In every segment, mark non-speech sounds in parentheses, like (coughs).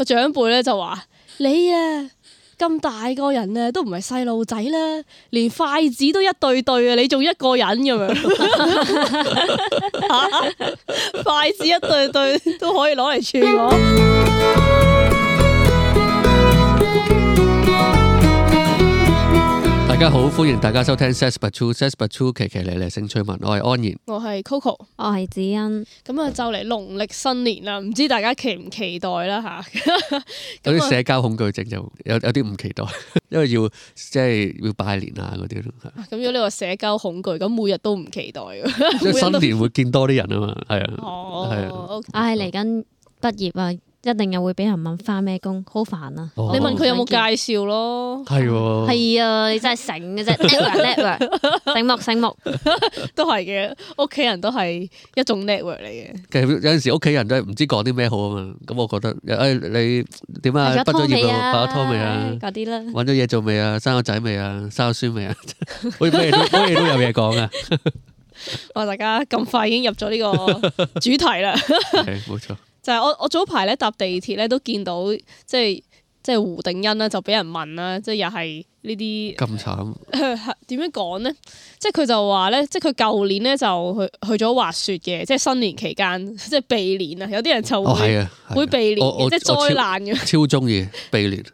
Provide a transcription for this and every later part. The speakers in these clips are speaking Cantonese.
個長輩咧就話：你啊咁大個人啊，都唔係細路仔啦，連筷子都一對對啊，你仲一個人咁樣？ (laughs) (laughs) (laughs) 筷子一對對都可以攞嚟串我。大家好，歡迎大家收聽《Sex But True》，《Sex But True, Sex But True 奇奇里里》，其嚟咧咧，興趣文，我係安然，我係 Coco，我係梓欣，咁啊，就嚟農曆新年啦，唔知大家期唔期待啦吓？ (laughs) 那我 有啲社交恐懼症就有有啲唔期待，因為要即係要拜年啊嗰啲咯。咁 (laughs) 如果你話社交恐懼，咁每日都唔期待噶。 (laughs) 新年會見多啲人啊嘛，係啊，係啊，我係嚟緊畢業啊。一定又會俾人問翻咩工，好煩啊！你問佢有冇介紹咯，係喎，係啊！你真係醒嘅啫，network，醒目醒目，都係嘅。屋企人都係一種 network 嚟嘅。其實有陣時屋企人都係唔知講啲咩好啊嘛。咁我覺得，誒，你點啊？畢咗業咯，拍咗拖未啊？嗰啲啦，揾咗嘢做未啊？生個仔未啊？生個孫未啊？好似都好似都有嘢講啊！我話大家咁快已經入咗呢個主題啦，係冇錯。就係我我早排咧搭地鐵咧都見到即係即係胡定欣啦，就俾人問啦，即係又係、呃、呢啲咁慘點樣講咧？即係佢就話咧，即係佢舊年咧就去去咗滑雪嘅，即係新年期間即係避年啊！有啲人就會會避年即係災難嘅。超中意避年， (laughs) (laughs)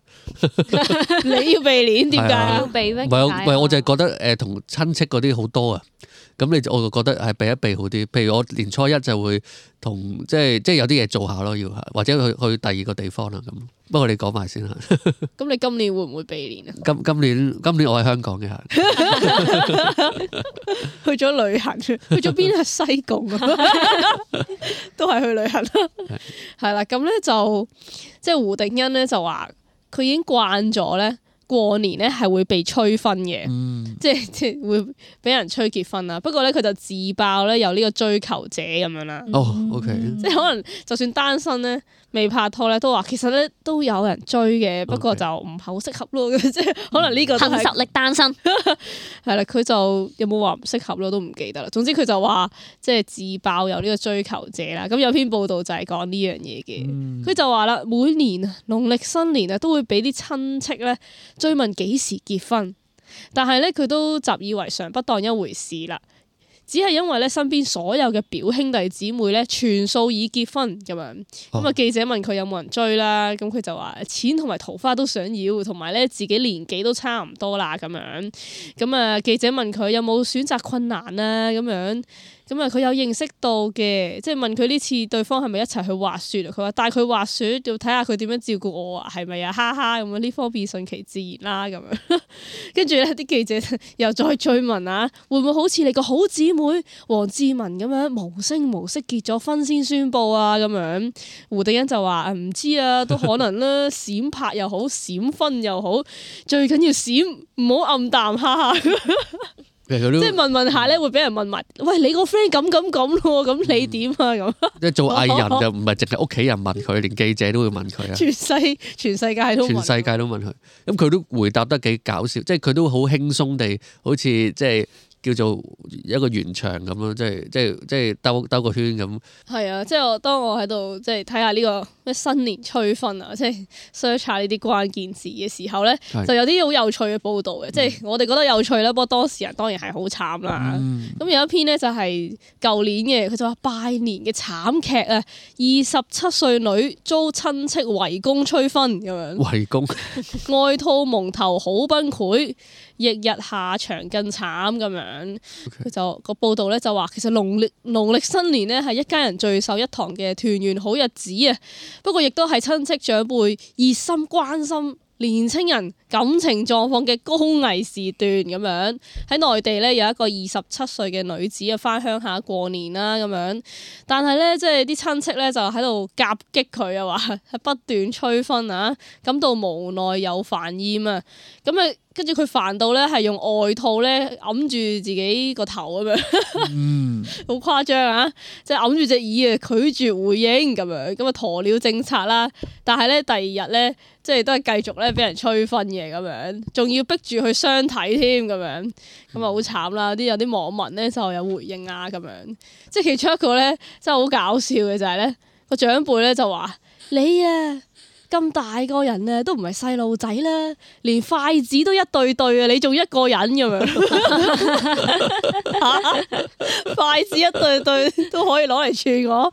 你要避年點解要避咩？唔係 (laughs) (laughs) 我唔係我就係覺得誒同親戚嗰啲好多啊。咁你我就覺得係避一避好啲，譬如我年初一就會同即係即係有啲嘢做下咯，要或者去去第二個地方啦咁。不過你講埋先嚇。咁 (laughs) 你今年會唔會避年啊？今今年今年我喺香港嘅 (laughs) (laughs) 去咗旅行，去咗邊？去西貢啊， (laughs) 都係去旅行啦。係 (laughs) 啦，咁咧就即係胡定欣咧就話佢已經慣咗咧。過年咧係會被催婚嘅，嗯，即係即係會俾人催結婚啦。不過咧佢就自爆咧有呢個追求者咁樣啦。哦，OK，即係可能就算單身咧。未拍拖咧，都話其實咧都有人追嘅，不過就唔係好適合咯，即係 Okay. (laughs) 可能呢個。憑實力單身係啦，佢 (laughs) 就有冇話唔適合咧，都唔記得啦。總之佢就話即係自爆有呢個追求者啦。咁有篇報道就係講呢樣嘢嘅，佢、嗯、就話啦，每年啊農曆新年啊都會俾啲親戚咧追問幾時結婚，但係咧佢都習以為常，不當一回事啦。只係因為咧，身邊所有嘅表兄弟姊妹咧，全數已結婚咁樣。咁啊、哦，記者問佢有冇人追啦，咁佢就話錢同埋桃花都想要，同埋咧自己年紀都差唔多啦咁樣。咁啊，記者問佢有冇選擇困難啊咁樣。咁啊，佢有認識到嘅，即係問佢呢次對方係咪一齊去滑雪。佢話帶佢滑雪，要睇下佢點樣照顧我啊，係咪啊，哈哈。咁樣，呢方面順其自然啦，啊，咁樣。跟 (laughs) 住呢啲記者又再追問啊，會唔會好似你個好姊妹黃智雯咁樣無聲無息結咗婚先宣布啊？咁樣，胡定欣就話唔知啊，都可能啦，閃拍又好，閃婚又好，最緊要閃，唔好暗淡，哈哈。 (laughs) 即係問問下咧，會俾人問埋，喂，你個 friend 咁咁咁咯，咁你點啊？咁、嗯、即係做藝人就唔係淨係屋企人問佢，連記者都會問佢啊！ (laughs) 全世界全世界都全世界都問佢，咁佢都，嗯、都回答得幾搞笑，即係佢都好輕鬆地，好似即係。叫做一個圓場咁咯，即係即係即係兜兜個圈咁。係啊，即係我當我喺度即係睇下呢個咩新年催婚啊，即係 search 下呢啲關鍵詞嘅時候咧，的就有啲好有趣嘅報導嘅。嗯、即係我哋覺得有趣啦，不過當事人當然係好慘啦。咁、嗯、有一篇咧就係舊年嘅，佢就話拜年嘅慘劇啊，二十七歲女遭親戚圍攻催婚咁樣，圍攻外套 (laughs) 蒙頭好崩潰。日日下場更慘咁樣，佢就個報道咧就話，其實農曆農曆新年呢，係一家人聚首一堂嘅團圓好日子啊，不過亦都係親戚長輩熱心關心年青人感情狀況嘅高危時段咁樣，喺內地呢，有一個二十七歲嘅女子啊，翻鄉下過年啦咁樣，但係呢，即係啲親戚呢，就喺度夾擊佢啊，話係不斷催婚啊，感到無奈又煩厭啊，咁啊～跟住佢煩到咧，係用外套咧揞住自己個頭咁樣，好、 (laughs) mm. (laughs) 誇張啊！即係揞住隻耳啊，拒絕回應咁樣，咁啊鴕鳥政策啦。但係咧第二日咧，即係都係繼續咧俾人催婚嘅咁樣，仲要逼住去相睇添咁樣，咁啊好慘啦！啲有啲網民咧就有回應啊咁樣，即係其中一個咧真係好搞笑嘅就係咧，個長輩咧就話你啊！咁大個人咧，都唔係細路仔啦，連筷子都一對對啊！你仲一個人咁樣， (laughs) 筷子一對對都可以攞嚟串我，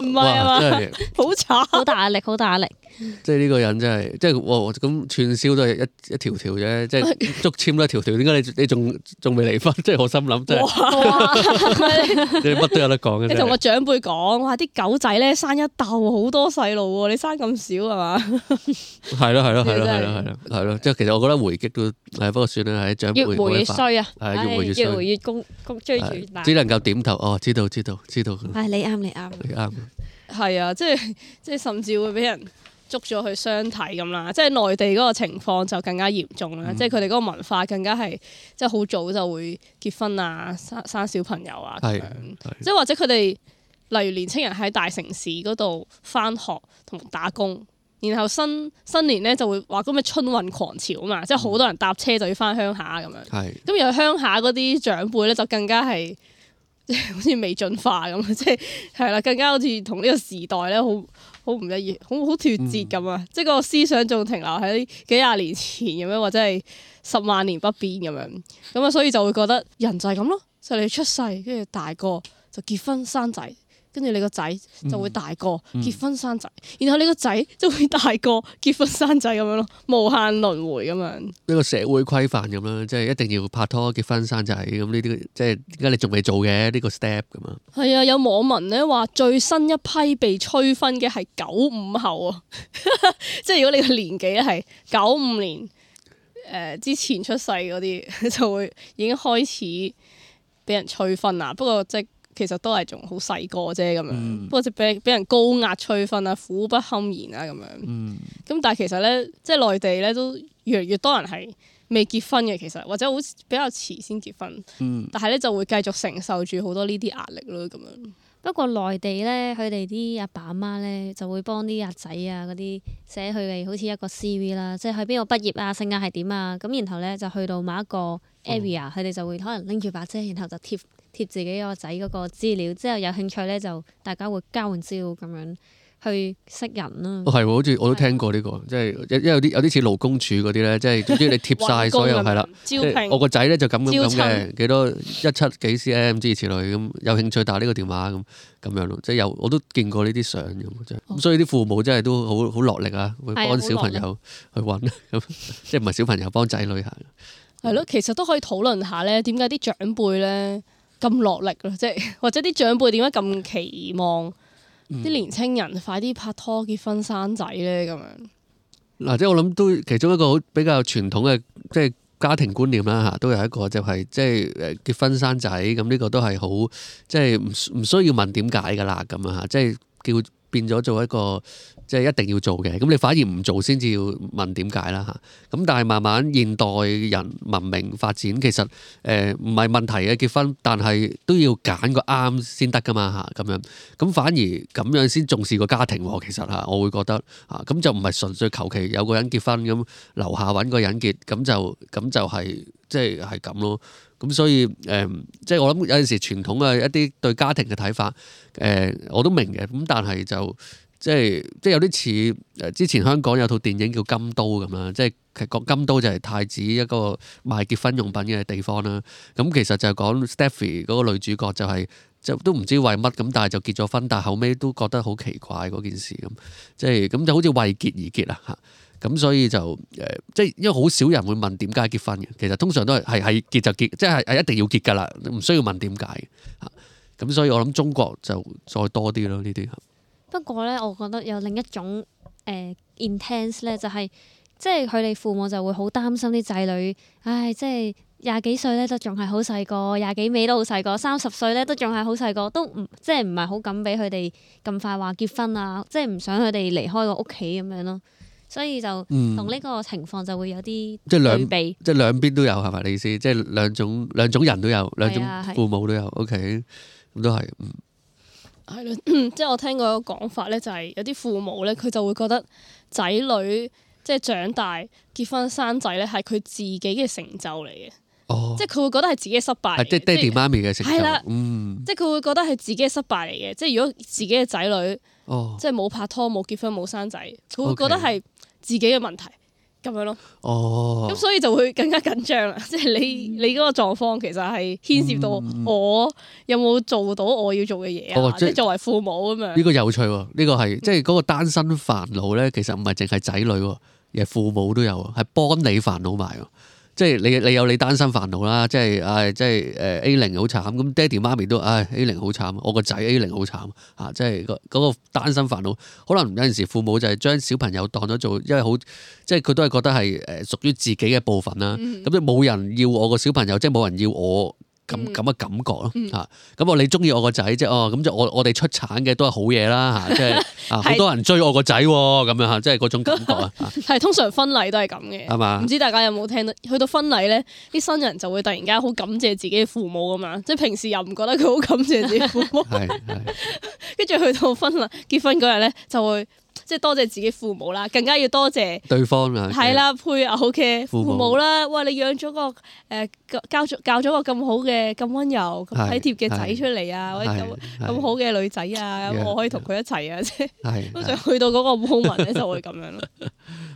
唔係啊嘛，好慘，好大壓力，好大壓力。即係呢個人真係，即係咁串燒都係一一條條啫，即係竹簽都一條條。點解你你仲仲未離婚？即係 (laughs) 我心諗，即係哇，你乜都有得講嘅。 (laughs) 你同我長輩講，哇！啲狗仔咧生一竇好多細路喎，你生咁。少係嘛？係咯，係咯，係咯，係咯，係咯，係咯，即係其實我覺得回擊都係不過算啦，係越回衰啊，係越回越攻攻追越只能夠點頭哦，知道知道知道。係你啱，你啱，你啱。係啊，即係即係，甚至會俾人捉咗去相睇咁啦。即係內地嗰個情況就更加嚴重啦。即係佢哋嗰個文化更加係即係好早就會結婚啊，生生小朋友啊。即係、呃、或者佢哋例如年青人喺大城市嗰度返學。同打工，然後新新年咧就會話咁咩春運狂潮啊嘛，即係好多人搭車就要翻鄉下咁樣。係、嗯。咁入鄉下嗰啲長輩咧就更加係好似未進化咁，即係係啦，更加好似同呢個時代咧好好唔一樣，好好脫節咁啊！嗯、即係個思想仲停留喺幾廿年前咁樣，或者係十萬年不變咁樣。咁啊，所以就會覺得人就係咁咯，就係你出世，跟住大個就結婚生仔。跟住你個仔就會大個結婚生仔，嗯嗯、然後你個仔就會大個結婚生仔咁樣咯，無限輪回咁樣。呢個社會規範咁樣，即係一定要拍拖結婚生仔咁呢啲，即係而家你仲未做嘅呢、這個 step 咁啊。係啊，有網民咧話最新一批被催婚嘅係九五後啊， (laughs) 即係如果你個年紀係九五年誒、呃、之前出世嗰啲，就會已經開始俾人催婚啦。不過即係。其實都係仲好細個啫咁樣，不過就俾俾人高壓催婚啊、苦不堪言啊咁樣。咁、嗯、但係其實咧，即係內地咧都越嚟越多人係未結婚嘅，其實或者好比較遲先結婚。嗯、但係咧就會繼續承受住好多呢啲壓力咯咁樣。不過內地咧，佢哋啲阿爸阿媽咧就會幫啲阿仔啊嗰啲寫佢哋好似一個 CV 啦，即係喺邊度畢業啊、性格係點啊咁，然後咧就去到某一個 area，佢哋、嗯、就會可能拎住把遮，然後就貼。貼自己個仔嗰個資料之後有興趣咧就大家會交換資料咁樣去識人啦。係，好似我都聽過呢個，即係因為有啲有啲似勞工處嗰啲咧，即係總之你貼晒所有係啦。 (laughs) 招聘。我個仔咧就咁樣咁嘅，乘幾多一七幾 cm 之之類咁，有興趣打呢個電話咁咁樣咯。即係又我都見過呢啲相咁，即係所以啲父母真係都好好落力啊，會幫小朋友去搵，即係唔係小朋友幫仔女行。係咯，其實都可以討論下咧，點解啲長輩咧？咁落力咯，即係或者啲長輩點解咁期望啲年青人快啲拍拖、結婚、生仔咧？咁樣嗱，即係 (music) 我諗都其中一個好比較傳統嘅即係家庭觀念啦嚇，都有一個就係即係誒結婚生仔咁，呢個都係好即係唔唔需要問點解㗎喇咁樣嚇，即係叫變咗做一個。即係一定要做嘅，咁你反而唔做先至要問點解啦吓。咁但係慢慢現代人文明發展，其實誒唔係問題嘅結婚，但係都要揀個啱先得㗎嘛吓。咁樣咁反而咁樣先重視個家庭喎。其實吓，我會覺得啊，咁就唔係純粹求其有個人結婚咁，留下揾個人結，咁就咁就係即係係咁咯。咁所以誒，即係我諗有陣時傳統嘅一啲對家庭嘅睇法，誒我都明嘅。咁但係就。即係即係有啲似誒之前香港有套電影叫《金都》咁啦，即係其實《金都》就係太子一個賣結婚用品嘅地方啦。咁其實就係講 Stephy 嗰個女主角就係，就都唔知為乜咁，但係就結咗婚，但後尾都覺得好奇怪嗰件事咁。即係咁就好似為結而結啦嚇。咁所以就誒即係因為好少人會問點解結婚嘅，其實通常都係係係結就結，即係一定要結噶啦，唔需要問點解嚇。咁所以我諗中國就再多啲咯呢啲。不過咧，我覺得有另一種誒、呃、intense 咧、就是，就係即係佢哋父母就會好擔心啲仔女，唉，即係廿幾歲咧都仲係好細個，廿幾尾都好細個，三十歲咧都仲係好細個，都唔即係唔係好敢俾佢哋咁快話結婚啊，即係唔想佢哋離開個屋企咁樣咯。所以就同呢個情況就會有啲對比，即係兩，兩邊都有係咪？你意思即係兩種兩種人都有，兩種父母都有。OK，咁都係係啦，即係我聽過一個講法咧，就係、是、有啲父母咧，佢就會覺得仔女即係長大結婚生仔咧，係佢自己嘅成就嚟嘅。哦、即係佢會覺得係自己嘅失敗。即係爹哋媽咪嘅成就。係啦，嗯，即係佢會覺得係自己嘅失敗嚟嘅。即係如果自己嘅仔女，哦、即係冇拍拖、冇結婚、冇生仔，佢會覺得係自己嘅問題。Okay. 咁樣咯，咁、哦、所以就會更加緊張啦。即、就、係、是、你、嗯、你嗰個狀況其實係牽涉到我有冇做到我要做嘅嘢啊，即係作為父母咁樣。呢個有趣喎，呢、這個係、嗯、即係嗰個單身煩惱咧，其實唔係淨係仔女，而係父母都有，係幫你煩惱埋。即係你你有你單身煩惱啦，即係唉、哎，即係誒 A 零好慘，咁爹哋媽咪都唉、哎、A 零好慘，我個仔 A 零好慘啊！即係嗰嗰個單身煩惱，可能有陣時父母就係將小朋友當咗做，因為好即係佢都係覺得係誒屬於自己嘅部分啦。咁即冇人要我個小朋友，即係冇人要我，咁咁嘅感覺咯嚇，咁、嗯啊、我你中意我個仔啫哦，咁就我我哋出產嘅都係好嘢啦嚇，即係啊好、就是、 (laughs) 是多人追我個仔喎咁樣嚇，即係嗰種感覺啊。係 (laughs) 通常婚禮都係咁嘅，唔吧知大家有冇聽到？去到婚禮咧，啲新人就會突然間好感謝自己父母啊嘛，即係平時又唔覺得佢好感謝自己父母，跟、啊、住 (laughs) (laughs) 去到婚禮結婚嗰日咧就會。即係多謝自己父母啦，更加要多謝對方啊！係啦，配偶嘅父母啦，哇！你養咗個誒教教咗教咗個咁好嘅、咁溫柔、咁體貼嘅仔出嚟啊，或者咁咁好嘅女仔啊，我可以同佢一齊啊，即係通常去到嗰個 moment 咧就會咁樣咯，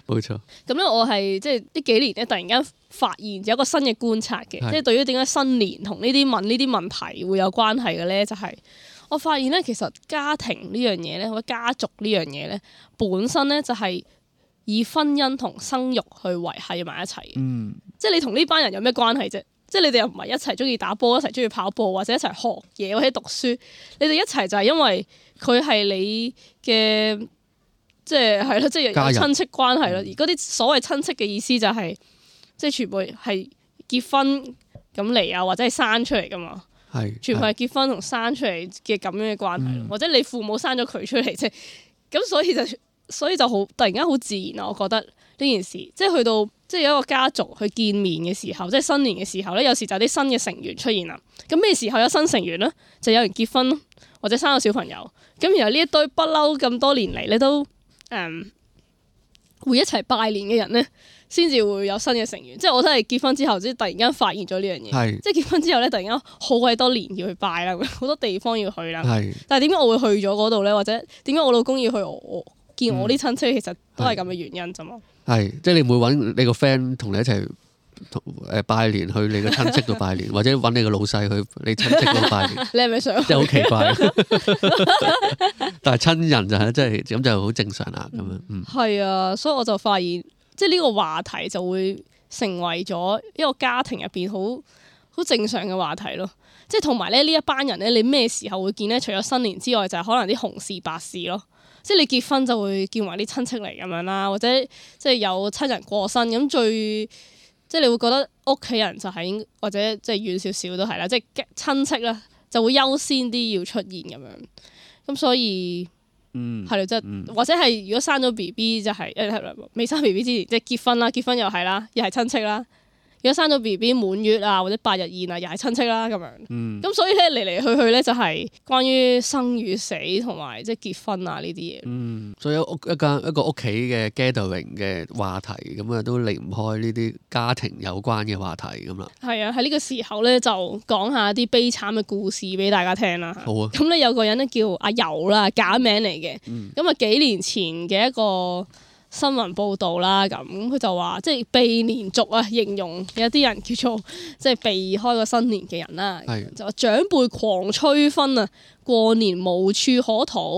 冇錯。咁咧我係即係呢幾年咧突然間發現有一個新嘅觀察嘅，即係對於點解新年同呢啲問呢啲問題會有關係嘅咧，就係。我發現咧，其實家庭呢樣嘢咧，或者家族呢樣嘢咧，本身咧就係以婚姻同生育去維繫埋一齊嘅。嗯，即係你同呢班人有咩關係啫？即係你哋又唔係一齊中意打波，一齊中意跑步，或者一齊學嘢或者讀書。你哋一齊就係因為佢係你嘅，即係係咯，即係有親戚關係咯。人而嗰啲所謂親戚嘅意思就係、是，即係全部係結婚咁嚟啊，或者係生出嚟噶嘛。全部係結婚同生出嚟嘅咁樣嘅關係，嗯、或者你父母生咗佢出嚟啫，咁所以就所以就好突然間好自然啊！我覺得呢件事，即係去到即係有一個家族去見面嘅時候，即係新年嘅時候咧，有時就有啲新嘅成員出現啦。咁咩時候有新成員咧？就有人結婚或者生咗小朋友。咁然後呢一堆不嬲咁多年嚟咧都誒、嗯、會一齊拜年嘅人咧，先至會有新嘅成員，即係我真係結婚之後，即突然間發現咗呢樣嘢。即係結婚之後咧，突然間好鬼多年要去拜啦，好多地方要去啦。但係點解我會去咗嗰度咧？或者點解我老公要去我見我啲親戚？其實都係咁嘅原因啫嘛。係、嗯，即係你唔會揾你個 friend 同你一齊拜年去你個親戚度拜年，或者揾你個老細去你親戚度拜年。你係咪想？真係好奇怪。嗯、 (laughs) (laughs) 但係親人就係即係咁就好正常啦，咁樣嗯。係、yeah. 啊，所以我就發現。即係呢個話題就會成為咗一個家庭入邊好好正常嘅話題咯。即係同埋咧，呢一班人咧，你咩時候會見咧？除咗新年之外，就係可能啲紅事白事咯。即係你結婚就會見埋啲親戚嚟咁樣啦，或者即係有親人過身咁，最即係你會覺得屋企人就係應或者即係遠少少都係啦。即係親戚咧就會優先啲要出現咁樣。咁所以。係咯，即係或者係如果生咗 B B 就係、係呃，未生 B B 之前即係、就係、結婚啦，結婚又係啦，又係親戚啦。而家生咗 B B 滿月啊，或者百日宴啊，又係親戚啦咁樣。咁、嗯、所以咧嚟嚟去去咧就係關於生與死同埋即係結婚啊呢啲嘢。嗯，所以屋一間一個屋企嘅 gathering 嘅話題，咁啊都離唔開呢啲家庭有關嘅話題咁啦。係啊，喺呢個時候咧就講下啲悲慘嘅故事俾大家聽啦。好啊。咁咧有個人咧叫阿友啦，假名嚟嘅。嗯。咁啊幾年前嘅一個。新聞報導啦，咁佢就話即係避年族啊，形容有啲人叫做即係避開個新年嘅人啦，是的 就話長輩狂催婚啊，過年無處可逃，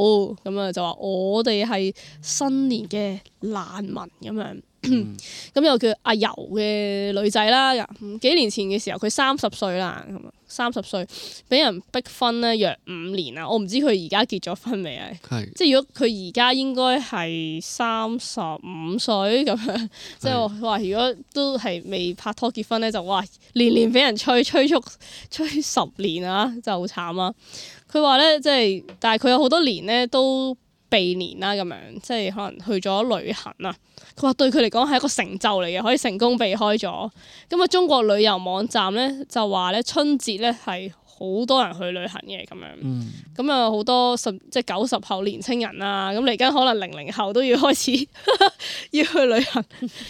咁啊就話我哋係新年嘅難民咁樣。咁又 (coughs) 叫阿柔嘅女仔啦，幾年前嘅時候佢三十歲啦，咁三十歲俾人逼婚咧，約五年啦，我唔知佢而家結咗婚未啊？係是 即係如果佢而家應該係三十五歲咁樣，即係話如果都係未拍拖結婚咧，就哇年年俾人催催促催十年啊，就係好慘啊！佢話咧即係，但係佢有好多年咧都。避年啦咁樣，即係可能去咗旅行啦。佢話對佢嚟講係一個成就嚟嘅，可以成功避開咗。咁啊，中國旅遊網站咧就話咧，春節咧係好多人去旅行嘅咁樣。咁啊、嗯，好多十即係九十後年輕人啦。咁嚟緊可能零零後都要開始 (laughs) 要去旅行，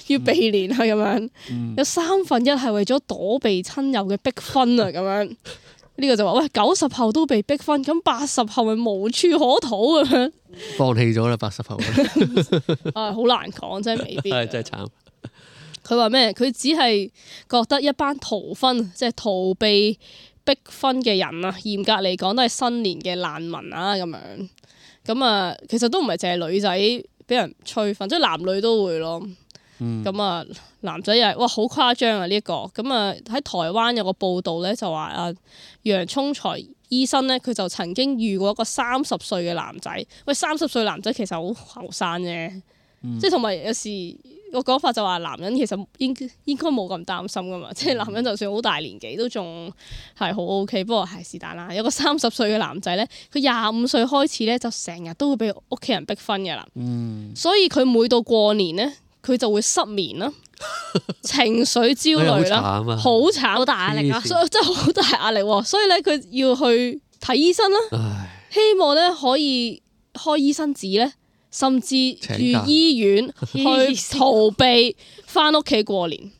要避年啦咁樣。嗯、有三分一係為咗躲避親友嘅逼婚啊咁樣。呢個就話喂，九十後都被逼婚，咁八十後咪無處可逃咁樣放棄咗啦。八十後 (laughs) (laughs) 啊，好難講真，未必係 (laughs) 真係慘。佢話咩？佢只係覺得一班逃婚即係逃避逼婚嘅人啊。嚴格嚟講，都係新年嘅難民啊。咁樣咁啊，其實都唔係淨係女仔俾人催婚，即係男女都會咯。咁啊、嗯，男仔又係哇，好誇張啊呢、呢個！咁啊喺台灣有個報道咧，就話啊，楊聰才醫生咧，佢就曾經遇過一個三十歲嘅男仔。喂，三十歲男仔其實好後生啫，即係同埋有時個講法就話，男人其實應該應該冇咁擔心噶嘛。即、就、係、是、男人就算好大年紀都仲係好 OK。不過係是但啦，有個三十歲嘅男仔咧，佢廿五歲開始咧就成日都會俾屋企人逼婚嘅啦。嗯、所以佢每到過年咧。佢就會失眠啦，情緒焦慮啦，好慘好大壓力啊，所以真係好大壓力喎、啊。所以咧，佢要去睇醫生啦、啊，唉希望咧可以開醫生紙咧，甚至住醫院客去逃避翻屋企過年。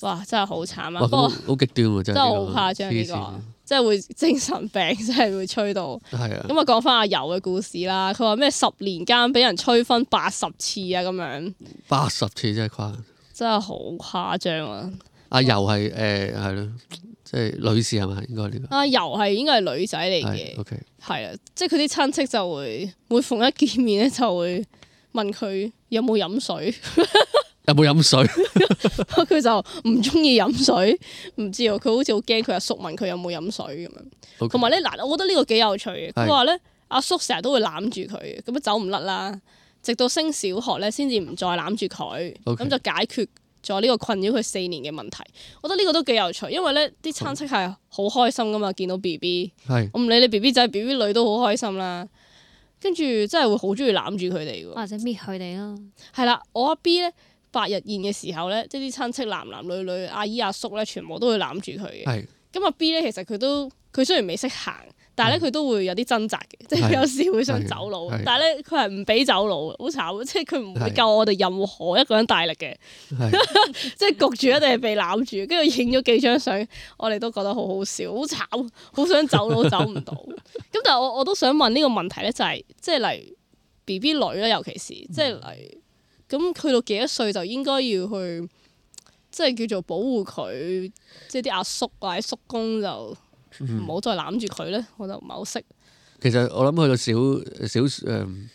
哇！真係好慘啊，不過好極端喎、啊， (laughs) 真係好誇張呢個。即係會精神病，即係會催到。係啊的，咁我講翻阿柔嘅故事啦。佢話咩十年間俾人催婚八十次啊，咁樣。八十次真係誇，真係好誇張啊！阿柔係誒係咯，即係女士係咪？應該呢、這個。阿柔係應該係女仔嚟嘅。O K，係啊，即係佢啲親戚就會每逢一見面咧，就會問佢有冇飲水。 (laughs) 有冇飲水？佢 (laughs) (laughs) 就唔中意飲水，唔知，佢好似好驚，佢阿叔問佢有冇飲水咁樣。同埋咧，嗱，我覺得呢個幾有趣嘅。佢話咧，阿叔成日都會攬住佢，咁樣走唔甩啦。直到升小學咧，先至唔再攬住佢，咁就解決咗呢個困擾佢四年嘅問題。我覺得呢個都幾有趣，因為咧啲親戚係好開心噶嘛，見到 B B，好我唔理你 B B 仔 B B 女都好開心啦。跟住真係會好中意攬住佢哋嘅，或者搣佢哋咯。係啦，我阿 B 咧。八日宴嘅時候咧，即係啲親戚男男女女、阿姨阿叔咧，全部都會攬住佢嘅。咁阿 B 咧，其實佢都佢雖然未識行，但係咧佢都會有啲掙扎嘅，即係有時會想走佬，但係咧佢係唔俾走佬。好慘，即係佢唔會夠我哋任何一個人大力嘅，即係焗住一定係被攬住，跟住影咗幾張相，我哋都覺得好好笑，好慘，好想走佬走唔到。咁但係我我都想問呢個問題咧，就係即係嚟 B B 女啦，尤其是即係嚟。咁去到幾多歲就應該要去，即係叫做保護佢，即係啲阿叔或者叔公就唔好再攬住佢咧。嗯、我就唔係好識。其實我諗去到小小誒、嗯、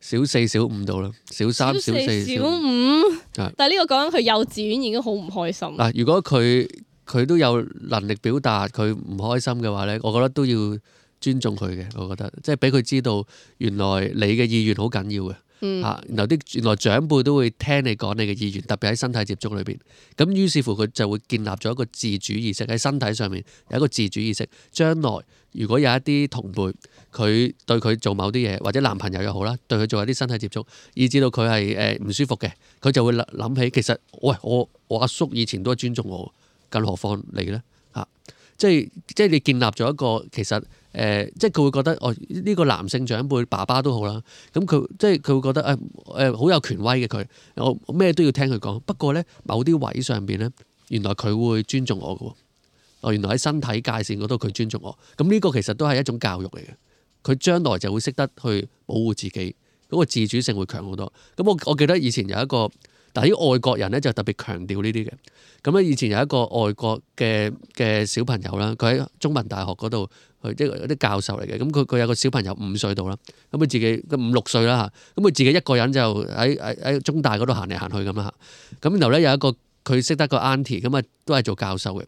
小四小五度啦，小三小四、小四小五。對但係呢個講緊佢幼稚園已經好唔開心。嗱，如果佢佢都有能力表達佢唔開心嘅話咧，我覺得都要尊重佢嘅。我覺得即係俾佢知道，原來你嘅意願好緊要嘅。嗯，原來長輩都會聽你講你嘅意願，特別喺身體接觸裏邊，咁於是乎佢就會建立咗一個自主意識，喺身體上面有一個自主意識，將來如果有一啲同輩佢對佢做某啲嘢，或者男朋友又好啦，對佢做一啲身體接觸，以至到佢係誒唔舒服嘅，佢就會諗起其實喂，我我阿叔以前都尊重我，更何況你呢？啊嚇，即係即係你建立咗一個其實。誒、呃，即係佢會覺得哦，呢個男性長輩爸爸都好啦，咁佢即係佢會覺得誒誒好有權威嘅佢，我咩都要聽佢講。不過呢，某啲位上邊呢，原來佢會尊重我嘅喎、哦，原來喺身體界線嗰度佢尊重我。咁呢個其實都係一種教育嚟嘅，佢將來就會識得去保護自己，嗰個自主性會強好多。咁我我記得以前有一個。但嗱，啲外國人呢，就特別強調呢啲嘅，咁咧以前有一個外國嘅嘅小朋友啦，佢喺中文大學嗰度，即係嗰啲教授嚟嘅，咁佢佢有個小朋友五歲到啦，咁佢自己五六歲啦，咁佢自己一個人就喺中大嗰度行嚟行去咁啦，咁然後呢，有一個佢識得個 auntie 咁啊，都係做教授嘅。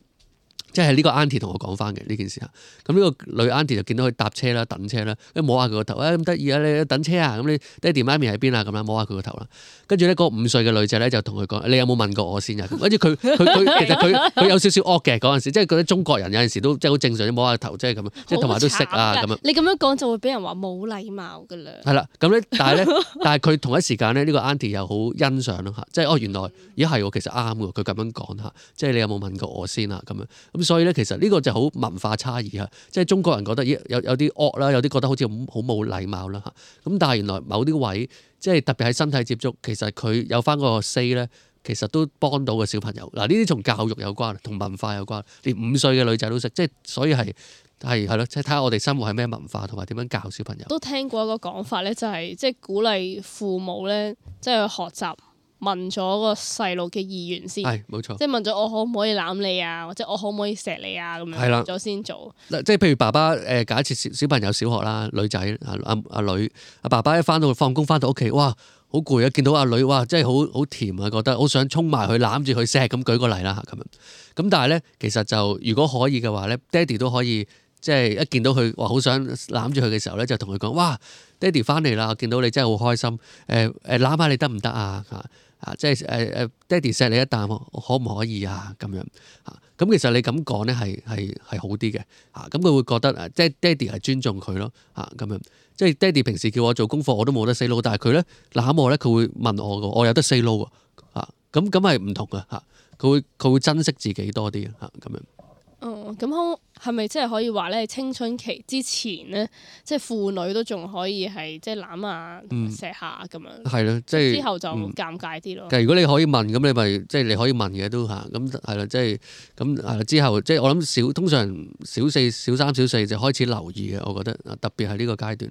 即係呢個 aunty 同我講翻嘅呢件事啊，咁、嗯、呢、這個女 aunty 就見到佢搭車啦、等車啦，一摸下佢個頭，誒咁得意啊，你等車啊，咁、嗯、你爹哋媽咪喺邊啊？咁樣摸下佢個頭啦，跟住咧個五歲嘅女仔咧就同佢講：你有冇問過我先啊？跟住佢佢佢其實佢 (laughs) 有少少惡嘅嗰陣時，即係覺得中國人有陣時都即係好正常，摸下頭即係咁啊，即係同埋都識啊咁樣。你咁樣講就會俾人話冇禮貌㗎啦。係啦，咁咧，但係咧， (laughs) 但係佢同一時間咧，呢、這個 aunty 又好欣賞咯即係哦原來咦，家係喎，其實啱㗎，佢咁樣講嚇，即係你有冇問過我先啊咁樣。所以咧，其實呢個就好文化差異啊，即係中國人覺得咦有有啲惡啦，有啲覺得好似好冇禮貌啦嚇。咁但係原來某啲位，即係特別喺身體接觸，其實佢有翻嗰個 say 咧，其實都幫到個小朋友。嗱，呢啲從教育有關，同文化有關，連五歲嘅女仔都識，即係所以係係係咯，即係睇下我哋生活係咩文化同埋點樣教小朋友。都聽過一個講法咧，就係即係鼓勵父母咧，即係去學習。問咗個細路嘅意願先，係冇錯，即係問咗我可唔可以攬你啊，或者我可唔可以錫你啊咁樣，咗先做。即係譬如爸爸誒，假設小，小朋友小學啦，女仔阿啊，啊女，阿爸爸一翻到放工翻到屋企，哇，好攰啊！見到阿女，哇，真係好好甜啊，覺得好想沖埋去攬住佢錫咁。舉個例啦，咁樣。咁但係咧，其實就如果可以嘅話咧，爹哋都可以即係一見到佢話好想攬住佢嘅時候咧，就同佢講：哇，爹哋翻嚟啦，爸爸見到你真係好開心。誒誒，攬下你得唔得啊？啊，即係誒誒，爹哋錫你一啖可唔可以啊？咁樣嚇。咁其實你咁講咧係係係好啲嘅嚇，咁佢會覺得啊，即係爹哋係尊重佢咯嚇，咁樣即係爹哋平時叫我做功課我都冇得 say no，但係佢咧攬我咧佢會問我嘅，我有得 say no 喎嚇，咁咁係唔同嘅嚇，佢會佢會珍惜自己多啲嚇，咁樣。哦，咁好、嗯，係咪即係可以話咧？青春期之前咧，即係父女都仲可以係即係攬下、錫下咁樣。係咯，即、就、係、是嗯、之後就尷尬啲咯。但、嗯、如果你可以問，咁你咪即係你可以問嘅都嚇咁係啦，即係咁係啦。之後即係我諗小通常小四、小三、小四就開始留意嘅，我覺得特別係呢個階段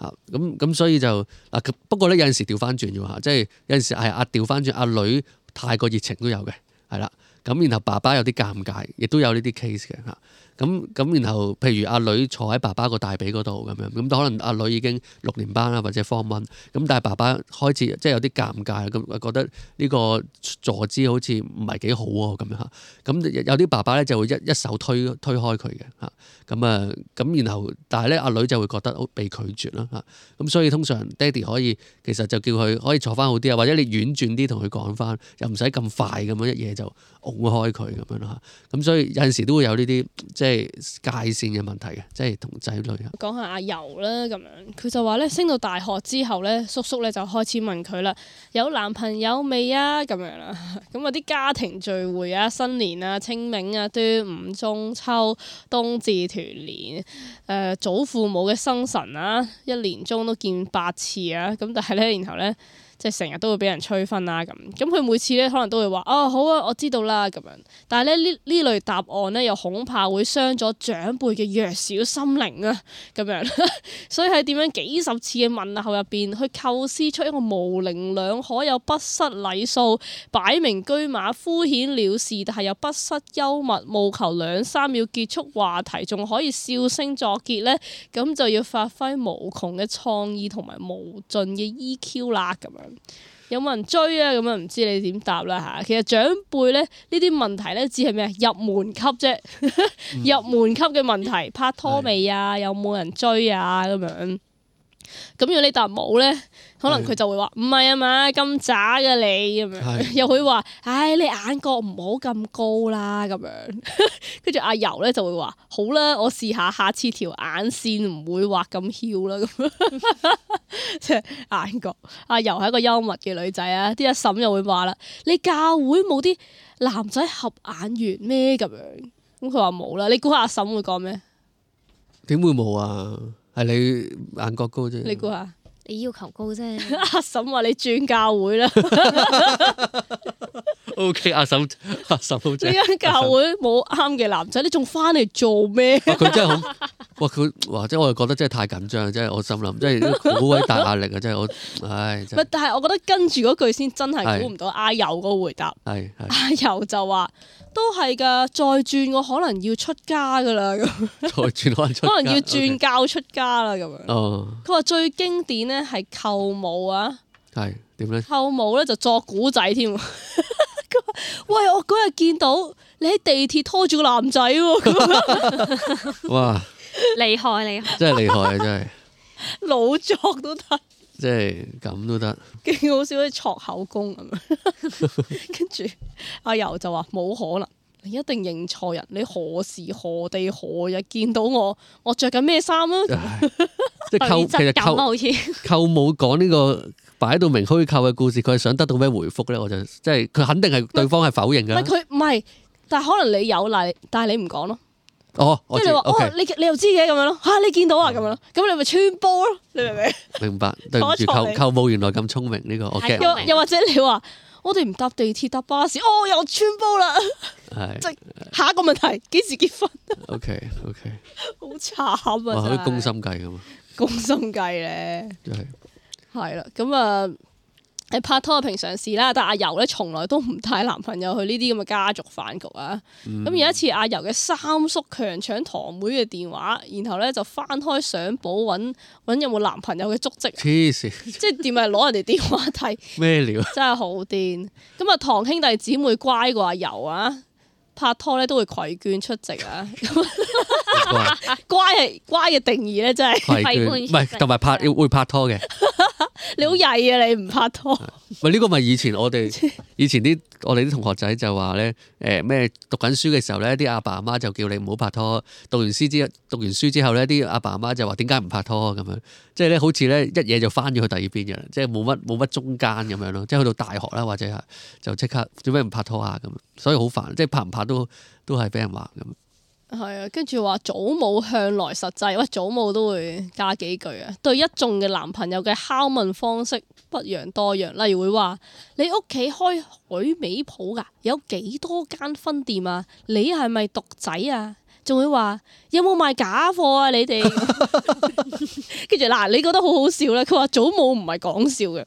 嚇咁咁，嗯、所以就嗱不過咧有陣時調翻轉嘅話，即係有陣時係阿調翻轉阿女太過熱情都有嘅，係啦。咁然後爸爸有啲尷尬，亦都有呢啲 case 嘅㗎。咁咁，然後譬如阿女坐喺爸爸個大髀嗰度咁樣，咁可能阿女已經六年班啦或者 f 蚊，r 咁但係爸爸開始即係有啲尷尬，咁覺得呢個坐姿好似唔係幾好喎咁樣嚇。咁有啲爸爸咧就會一一手推推開佢嘅嚇，咁啊咁然後，但係咧阿女就會覺得被拒絕啦嚇。咁所以通常爹 a 可以其實就叫佢可以坐翻好啲啊，或者你婉轉啲同佢講翻，又唔使咁快咁樣一嘢就拱開佢咁樣啦，咁所以有陣時都會有呢啲。即係界線嘅問題嘅，即係同仔女啊。講下阿柔啦，咁樣佢就話咧，升到大學之後咧，叔叔咧就開始問佢啦，有男朋友未啊？咁樣啦，咁啊啲家庭聚會啊，新年啊、清明啊、端午、中秋、冬至、團年，誒、呃、祖父母嘅生辰啊，一年中都見八次啊。咁但係咧，然後咧。即係成日都會俾人催婚啦咁，咁佢每次咧可能都會話：哦，好啊，我知道啦咁樣。但係咧呢呢類答案咧又恐怕會傷咗長輩嘅弱小心靈啊，咁樣呵呵。所以喺點樣幾十次嘅問候入邊，去構思出一個模棱兩可又不失禮數、擺明車馬、敷衍了事，但係又不失幽默、務求兩三秒結束話題，仲可以笑聲作結咧？咁就要發揮無窮嘅創意同埋無盡嘅 EQ 啦咁樣。有冇人追啊？咁樣唔知你點答啦吓。其實長輩咧呢啲問題咧只係咩？入門級啫， (laughs) 入門級嘅問題，拍拖未啊？有冇人追啊？咁樣。咁如果你答冇咧，可能佢就會話唔係啊嘛，咁渣噶你咁樣，又會話，唉，你眼角唔好咁高啦咁樣。跟 (laughs) 住阿柔咧就會話，好啦，我試下下次條眼線唔會畫咁翹啦咁樣。 (laughs) (laughs) 眼角，阿柔係一個幽默嘅女仔啊，啲阿嬸又會話啦，你教會冇啲男仔合眼緣咩咁樣？咁佢話冇啦，你估下阿嬸會講咩？點會冇啊？係你眼角高啫，你估下？你要求高啫，阿嬸話你轉教會啦。OK，阿嬸嬸，阿嬸，呢間教會冇啱嘅男仔，你仲翻嚟做咩？佢真係好。哇佢哇即我係覺得真係太緊張，真係我心諗真係好鬼大壓力啊、 (laughs) 哎！真係我唉。但係我覺得跟住嗰句先真係估唔到阿尤個回答。係阿尤就話：都係㗎，再轉我可能要出家㗎啦。咁 (laughs) 再可能要轉教出家啦。咁 Okay 樣哦。佢話最經典咧係舅母啊。係點咧？舅母咧就作古仔添。佢 (laughs) 話：喂，我嗰日見到你喺地鐵拖住個男仔喎、啊。 (laughs) (laughs) (laughs) 哇！厲害，厲害，真係厲害啊！真係，老作都得，即係咁都得，勁好少啲作口供咁樣。 (laughs) 跟住阿柔就話：冇可能，你一定認錯人。你何時何地何日見到我？我着緊咩衫啊？ (laughs) 哎、即係 Coco，其實 Coco 好似 Coco 冇講呢個擺到明虛構嘅故事，佢係想得到咩回覆咧？我就即係佢肯定係對方係否認噶啦。佢唔係，但係可能你有，嗱，但係你唔講咯。哦，即係話哦你，你你又知嘅咁樣咯，吓你見到啊咁樣，咁你咪穿煲咯，你明唔明？明白， (laughs) 文對唔住舅舅母原來咁聰明呢，這個我，我 g (laughs) 又或者你話我哋唔搭地鐵搭巴士，哦又穿煲啦，係 (laughs) 即係是是下一個問題，幾時結婚？OK OK，好慘 (laughs) 啊，哇，啲宮 (laughs) 心計咁啊，宮心計咧，係係啦，咁啊。嗯嗯拍拖平常事啦。但阿柔咧，從來都唔帶男朋友去呢啲咁嘅家族飯局啊。咁、嗯、有一次，阿柔嘅三叔強搶堂妹嘅電話，然後咧就翻開相簿揾揾有冇男朋友嘅足跡。黐線！即係點係攞人哋電話睇咩料？ (laughs) 真係好癲！咁啊，堂兄弟姊妹乖過阿柔啊，拍拖咧都會攜眷出席啊。 (laughs) (laughs) 乖係乖嘅定義咧，真係唔係，同埋是是拍是會拍拖嘅 (laughs) 你好曳啊！你唔拍拖，嗯，咪呢個咪以前我哋 (laughs) 以前啲我哋啲同學仔就話咧，誒咩讀緊書嘅時候咧，啲阿爸阿媽就叫你唔好拍拖。讀完書之，讀完書之後咧，啲阿爸阿媽就話點解唔拍拖咁樣？即係咧，好似咧一嘢就翻咗去第二邊嘅啦，即係冇乜冇乜中間咁樣咯。即係去到大學啦，或者係就即刻做咩唔拍拖啊？咁所以好煩，即係拍唔拍都都係俾人話咁。係啊，跟住話祖母向來實際，喂，祖母都會加幾句啊。對一眾嘅男朋友嘅拷問方式不樣多樣，例如會話 (laughs) 你屋企開海味鋪㗎，有幾多間分店啊？你係咪獨仔啊？仲會話有冇賣假貨啊？你哋跟住嗱，你覺得好好笑咧？佢話祖母唔係講笑嘅，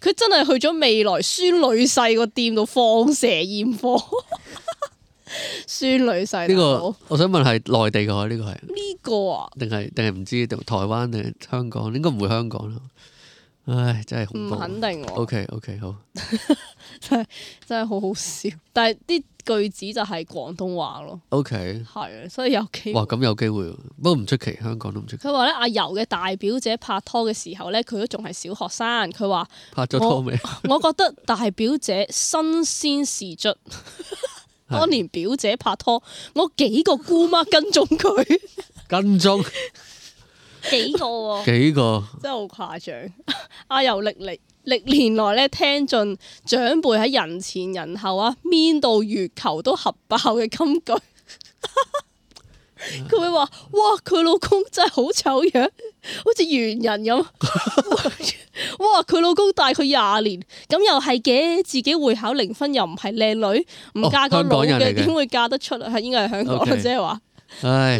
佢真係去咗未來孫女婿個店度放蛇驗貨。 (laughs) 孫女婿？呢、這個我想問，係內地嘅，呢、這個係呢個啊？定係定係唔知？定台灣定香港？應該唔會香港咯。唉，真係唔肯定、啊。O K O K，好， (laughs) 真係真係好好笑。但係啲句子就係廣東話咯。O K，係啊，所以有機哇，咁有機會，不過唔出奇，香港都唔出奇。佢話咧，阿柔嘅大表姐拍拖嘅時候咧，佢都仲係小學生。佢話拍咗拖未？我覺得大表姐新鮮事足。 (laughs) 當年表姐拍拖，我幾個姑媽跟蹤佢 (laughs) 蹤。跟蹤？幾個、喔？幾個真、啊？真係好誇張。阿由歷歷歷年來咧，聽盡長輩喺人前人後啊，面到月球都合爆嘅金句。 (laughs) 佢會話：，哇，佢老公真係好醜樣，好似猿人咁。哇，佢老公大佢廿年，咁又係嘅。自己會考零分，又唔係靚女，唔嫁個女嘅，點、哦、會嫁得出啊？應該係香港啦，即係話。唉，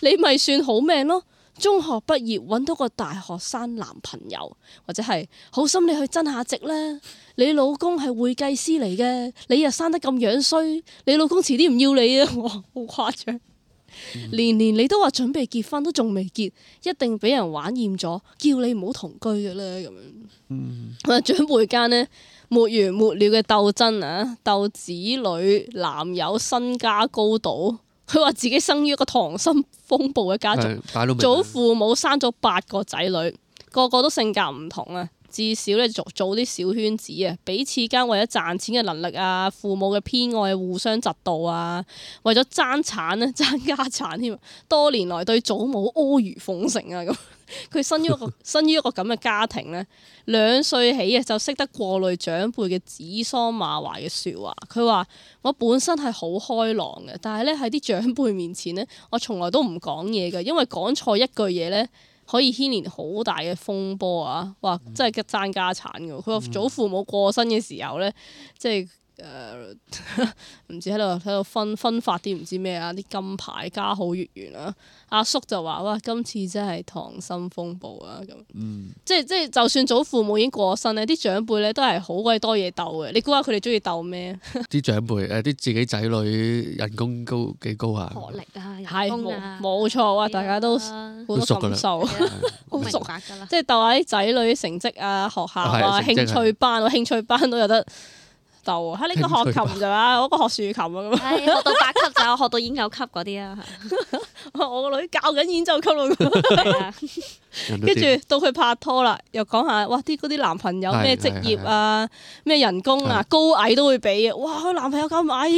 你咪算好命咯。中學畢業搵到個大學生男朋友，或者係好心你去爭下職啦。你老公係會計師嚟嘅，你又生得咁樣衰，你老公遲啲唔要你啊！哇，好誇張。嗯、年年你都話準備結婚都仲未結，一定俾人玩厭咗，叫你唔好同居嘅啦咁樣。啊、嗯，長輩間咧，沒完沒了嘅鬥爭啊，鬥子女男友身家高度。佢話自己生於一個溏心風暴嘅家族，祖父母生咗八個仔女，個個都性格唔同啊。至少咧做做啲小圈子啊，彼此間為咗賺錢嘅能力啊，父母嘅偏愛，互相嫉妒啊，為咗爭產咧，爭家產添，多年來對祖母阿諛奉承啊咁。佢生於一個生 (laughs) 於一個咁嘅家庭咧，兩歲起啊就識得過濾長輩嘅指桑罵槐嘅説話。佢話我本身係好開朗嘅，但係咧喺啲長輩面前咧，我從來都唔講嘢嘅，因為講錯一句嘢呢。」可以牽連好大嘅風波啊！哇，真係爭家產嘅。佢個祖父母過身嘅時候咧，嗯、即係。誒，唔知喺度喺度分分發啲唔知咩啊，啲金牌家好月圓啊。阿叔就話，哇，今次真係溏心風暴啊！咁，即係即係，就算祖父母已經過身咧，啲長輩咧都係好鬼多嘢鬥嘅。你估下佢哋中意鬥咩？啲長輩誒，啲自己仔女人工高幾高啊？學歷啊，係冇錯啊！大家都好熟，好熟噶啦，即係鬥下啲仔女成績啊，學校啊，興趣班啊，興趣班都有得。喺呢個學琴咋嘛，我個學豎琴啊，咁、哎、學到八級就 (laughs) 學到 (laughs) (laughs) 演奏級嗰啲啊，我個女教緊演奏級咯，跟住到佢拍拖啦，又講下哇啲嗰啲男朋友咩職業啊，咩人工啊，對對對對，高矮都會俾啊。哇，佢男朋友咁矮，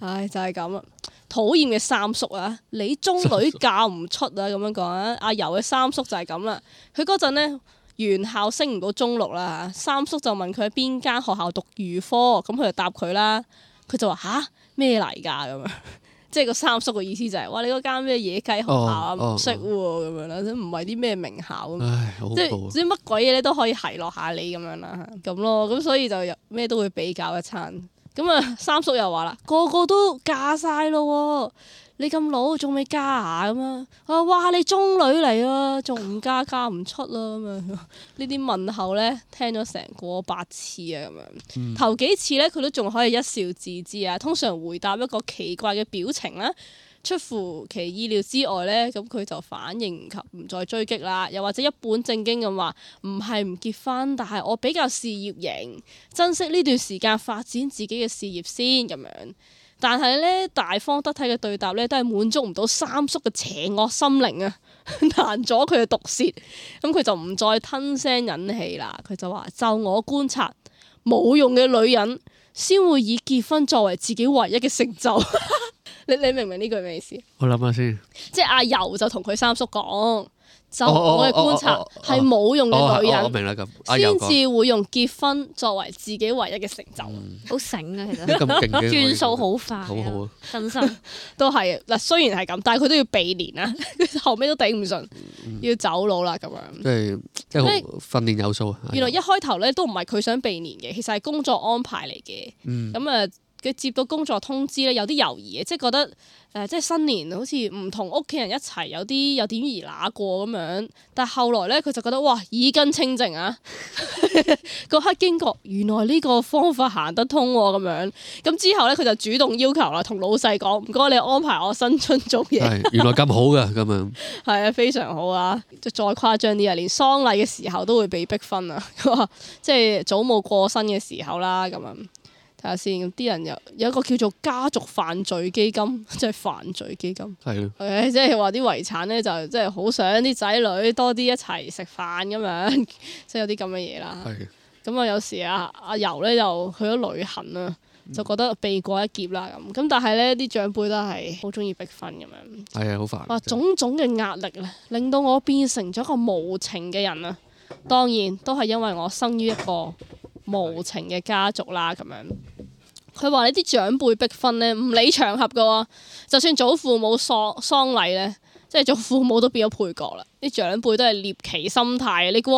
唉、 (laughs) 哎、就係咁啊，討厭嘅三叔啊，你中女教唔出啊咁樣講啊樣，阿柔嘅三叔就係咁啦，佢嗰陣咧。原校升唔到中六啦，三叔就問佢喺邊間學校讀預科，咁佢就答佢啦。佢就話吓？咩嚟㗎咁樣， (laughs) 即係個三叔嘅意思就係、是，哇你嗰間咩野雞學校呀唔識喎咁樣啦，都唔係啲咩名校唉即係啲乜鬼嘢咧都可以奚落下你咁樣啦，咁咯，咁所以就咩都會比較一餐。咁啊，三叔又話啦，個個都嫁晒咯。你咁老仲未嫁啊咁啊！哇，你中女嚟啊，仲唔嫁嫁唔出咯咁樣。呢啲問候呢，聽咗成個百次啊咁樣。嗯、頭幾次呢，佢都仲可以一笑置之啊。通常回答一個奇怪嘅表情啦，出乎其意料之外呢，咁佢就反應唔及，唔再追擊啦。又或者一本正經咁話：唔係唔結婚，但係我比較事業型，珍惜呢段時間發展自己嘅事業先咁樣。但係咧，大方得體嘅對答咧，都係滿足唔到三叔嘅邪惡心靈啊， (laughs) 難阻佢嘅毒舌。咁佢就唔再吞聲忍氣啦。佢就話：就我觀察，冇用嘅女人先會以結婚作為自己唯一嘅成就。 (laughs) 你，你明唔明呢句咩意思？我諗下先。即係阿柔就同佢三叔講。就我嘅觀察係冇用嘅女人，先至會用結婚作為自己唯一嘅成就，好醒、嗯、 (laughs) 啊！其實咁勁嘅轉數好快，真心都係嗱。雖然係咁，但係佢都要避年啦，able，後尾都頂唔順，要走佬啦咁樣。即係即係訓練有素啊！原來一開頭咧都唔係佢想避年嘅，其實係工作安排嚟嘅。咁、嗯、啊，佢接到工作通知咧，有啲猶豫，嘅，即係覺得。誒即係新年，好似唔同屋企人一齊，有啲有點兒乸過咁樣。但係後來咧，佢就覺得哇耳根清淨啊！個 (laughs) 刻經過原來呢個方法行得通喎、啊、咁樣。咁之後咧，佢就主動要求啦，同老細講唔該你安排我新春做嘢。係原來咁好噶咁樣。係啊， (laughs) 非常好啊！即再誇張啲啊，連喪禮嘅時候都會被逼婚啊！佢話即係祖母過身嘅時候啦、啊、咁樣。睇下先，啲人有有個叫做家族犯罪基金，即係犯罪基金。係咯 (laughs) 的，即係話啲遺產咧，就即係好想啲仔女多啲一齊食飯咁 (laughs) 樣，即係有啲咁嘅嘢啦。係。咁啊，有時啊，阿遊咧就去咗旅行啊，就覺得避過一劫啦咁。咁但係咧，啲長輩都係好中意逼婚咁樣。係啊，好煩。話種種嘅壓力咧，令到我變成咗一個無情嘅人啦。當然都係因為我生於一個無情嘅家族啦，咁樣。佢話：你啲長輩逼婚咧，唔理場合嘅喎，就算祖父母喪喪禮咧，即係祖父母都變咗配角啦。啲長輩都係獵奇心態，你估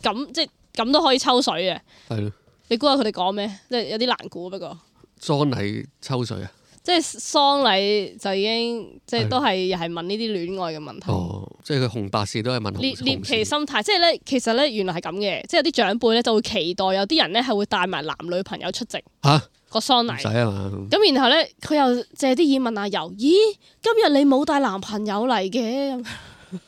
咁即係咁都可以抽水嘅？係咯的。你估下佢哋講咩？即係有啲難估不過。喪禮抽水啊！即係喪禮就已經即係都係又係問呢啲戀愛嘅問題。哦，即係佢紅白事都係問。獵獵奇心態，即係咧，其實咧原來係咁嘅，即係有啲長輩咧就會期待有啲人咧係會帶埋男女朋友出席。嚇、啊！個喪禮啊嘛，咁然後咧，佢又借啲耳問阿由，咦，今日你冇帶男朋友嚟嘅？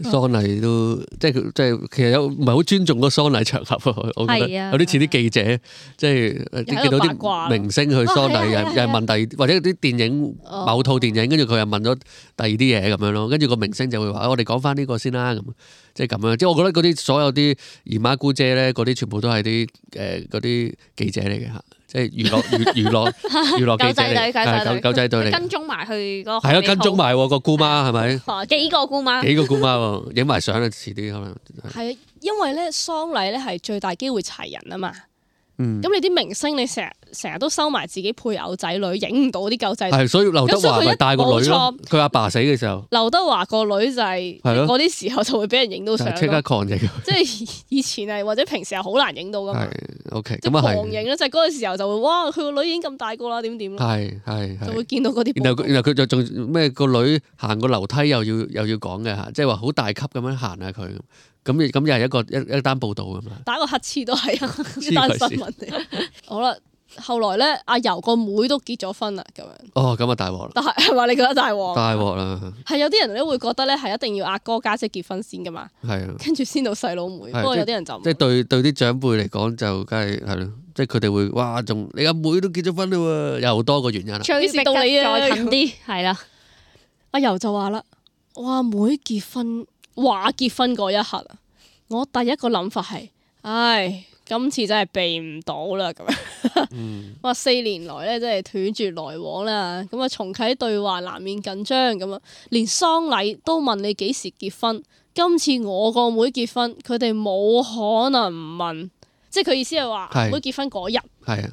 喪禮都即係即係，其實有唔係好尊重個喪禮場合，我覺得有啲似啲記者，即係見到啲明星去喪禮，又又問第二，或者啲電影某套電影，跟住佢又問咗第二啲嘢咁樣咯。跟住個明星就會話：我哋講翻呢個先啦。咁即係咁樣。即係我覺得嗰啲所有啲姨媽姑姐咧，嗰啲全部都係啲誒啲記者嚟嘅嚇。誒、哎、娛樂娛娛樂 (laughs) 娛樂記者嚟，狗仔隊嚟，跟蹤埋去嗰個係咯，跟蹤埋個姑媽係咪、哦？幾個姑媽，幾個姑媽喎，影埋相啊，遲啲可能係啊，因為咧喪禮咧係最大機會齊人啊嘛。咁你啲明星你成成日都收埋自己配偶仔女，影唔到啲狗仔。係、嗯，所以劉德華咪大個女咯。佢阿錯爸，爸死嘅時候，劉德華個女就係嗰啲時候就會俾人影到相，即係即刻抗即係以前係或者平時係好難影到噶嘛。O K，咁係狂影。啦、okay, 是，就係嗰個時候就會哇，佢個女已經咁大個啦，點點咯。係係，就會見到嗰啲。然後佢就仲咩個女行個樓梯又要又要講嘅吓，即係話好大級咁樣行，行下佢。咁咁又係一個一一單報道咁啦，打個乞嗤都係經 (laughs) 一單新聞。 (laughs) 好啦、啊，後來咧，阿柔個妹都結咗婚啦，咁樣。哦，咁啊大鑊啦！但係係咪你覺得大鑊？大鑊啦，係有啲人咧會覺得咧，係一定要阿哥家姐,姐結婚先㗎嘛。係、啊。跟住先到細佬妹,妹，不過有啲人就即係、就是、對對啲長輩嚟講就梗係係咯，即係佢哋會哇仲你阿妹都結咗婚啦，又多個原因啦。隨時到你再近啲，係、嗯、啦。阿柔、 (laughs) 啊啊、就話啦，我阿妹結婚。話結婚嗰一刻，我第一個諗法係，唉，今次真係避唔到啦。咁樣，話、嗯、 (laughs) 四年來咧，真係斷絕來往啦。咁啊，重啟對話難免緊張咁啊，連喪禮都問你幾時結婚。今次我個妹，妹結婚，佢哋冇可能唔問。即係佢意思係話阿妹結婚嗰日，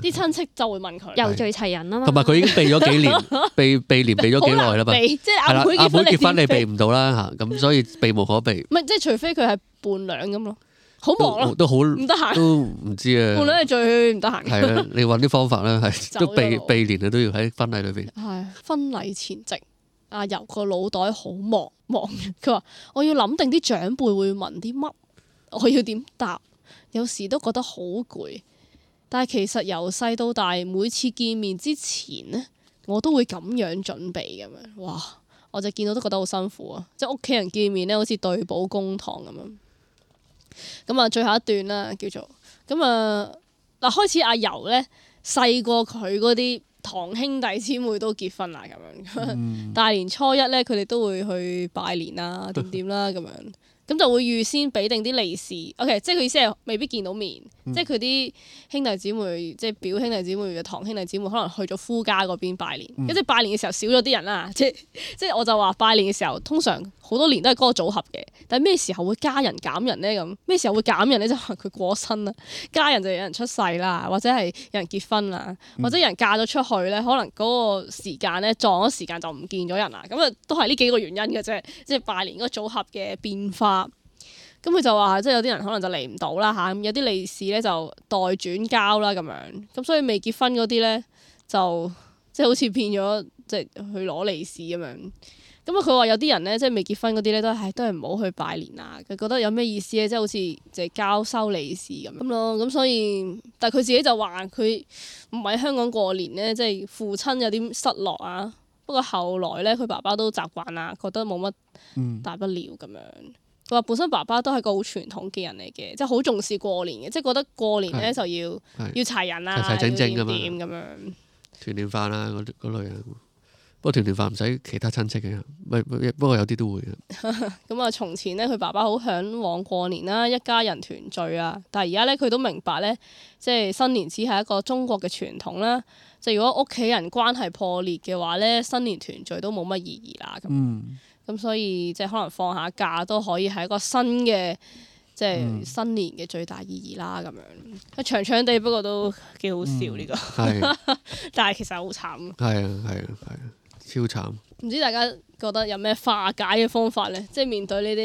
啲親戚就會問佢，又聚齊人啦，同埋佢已經避咗幾年，避避年避咗幾耐啦嘛。即係阿妹結婚你避唔到啦吓，咁所以避無可避，唔係即係除非佢係伴娘咁咯，好忙咯，都好唔得閒，都唔知啊。伴娘最唔得閒。係你搵啲方法啦，係都避避年都要喺婚禮裏邊。係婚禮前夕，阿由個腦袋好忙忙，佢話我要諗定啲長輩會問啲乜，我要點答。有時都覺得好攰，但係其實由細到大，每次見面之前呢，我都會咁樣準備咁樣。哇！我就見到都覺得好辛苦啊，即係屋企人見面呢，好似對簿公堂咁樣。咁啊，最後一段啦，叫做咁啊嗱，開始阿柔呢，細過佢嗰啲堂兄弟姊妹都結婚啦，咁樣、嗯。 (laughs) 大年初一呢，佢哋都會去拜年啦，點點啦，咁樣。咁就會預先俾定啲利是，OK，即係佢意思係未必見到面，嗯、即係佢啲兄弟姊妹，即係表兄弟姊妹嘅堂兄弟姊妹，可能去咗夫家嗰邊拜年，嗯、即係拜年嘅時候少咗啲人啦。即係即係我就話拜年嘅時候，通常好多年都係嗰個組合嘅，但係咩時候會加人減人咧？咁咩時候會減人咧？就係佢過身啦，加人就有人出世啦，或者係有人結婚啦，或者有人嫁咗出去咧，可能嗰個時間咧撞咗時間就唔見咗人啦。咁啊都係呢幾個原因嘅啫，即係拜年嗰個組合嘅變化。咁佢就話，即係有啲人可能就嚟唔到啦吓，有啲利是咧就代轉交啦咁樣，咁所以未結婚嗰啲咧就即係好似變咗即係去攞利是咁樣。咁啊佢話有啲人咧即係未結婚嗰啲咧都係都係唔好去拜年啊，佢覺得有咩意思咧，即係好似就係交收利是咁樣咁咯。咁所以但係佢自己就話佢唔喺香港過年咧，即係父親有啲失落啊。不過後來咧，佢爸爸都習慣啦，覺得冇乜大不了咁樣。嗯。本身爸爸都係個好傳統嘅人嚟嘅，即係好重視過年嘅，即係覺得過年咧就要要齊人啦，齊齊整整咁樣，團年飯啦嗰類啊。類人團團，不過團年飯唔使其他親戚嘅，不過有啲都會嘅。咁啊，從前呢，佢爸爸好向往過年啦，一家人團聚啊。但係而家咧佢都明白咧，即係新年只係一個中國嘅傳統啦。即係如果屋企人關係破裂嘅話咧，新年團聚都冇乜意義啦。嗯。咁所以即係可能放下假都可以係一個新嘅即係新年嘅最大意義啦，咁、嗯、樣。長長地，不過都幾好笑呢個，嗯、 (laughs) 但係其實好慘。係啊係啊係啊，超慘！唔知大家覺得有咩化解嘅方法呢？即係面對呢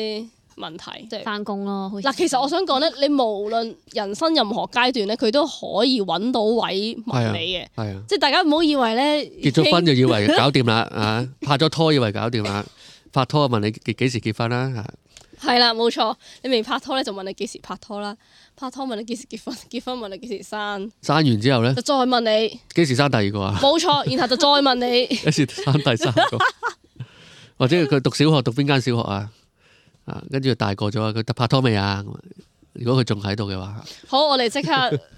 啲問題，即係翻工咯。嗱，其實我想講呢，你無論人生任何階段呢，佢都可以揾到位問你嘅。係啊，即係大家唔好以為呢，結咗婚就以為搞掂啦，啊拍咗拖以為搞掂啦。拍拖問你幾幾時結婚啦，啊？係啦，冇錯。你未拍拖咧，就問你幾時拍拖啦。拍拖問你幾時結婚？結婚問你幾時生？生完之後咧，就再問你幾時生第二個啊？冇錯，然後就再問你幾 (laughs) 時生第三個？ (laughs) 或者佢讀小學讀邊間小學啊？啊，跟住大個咗，佢拍拖未啊？如果佢仲喺度嘅話，好，我哋即刻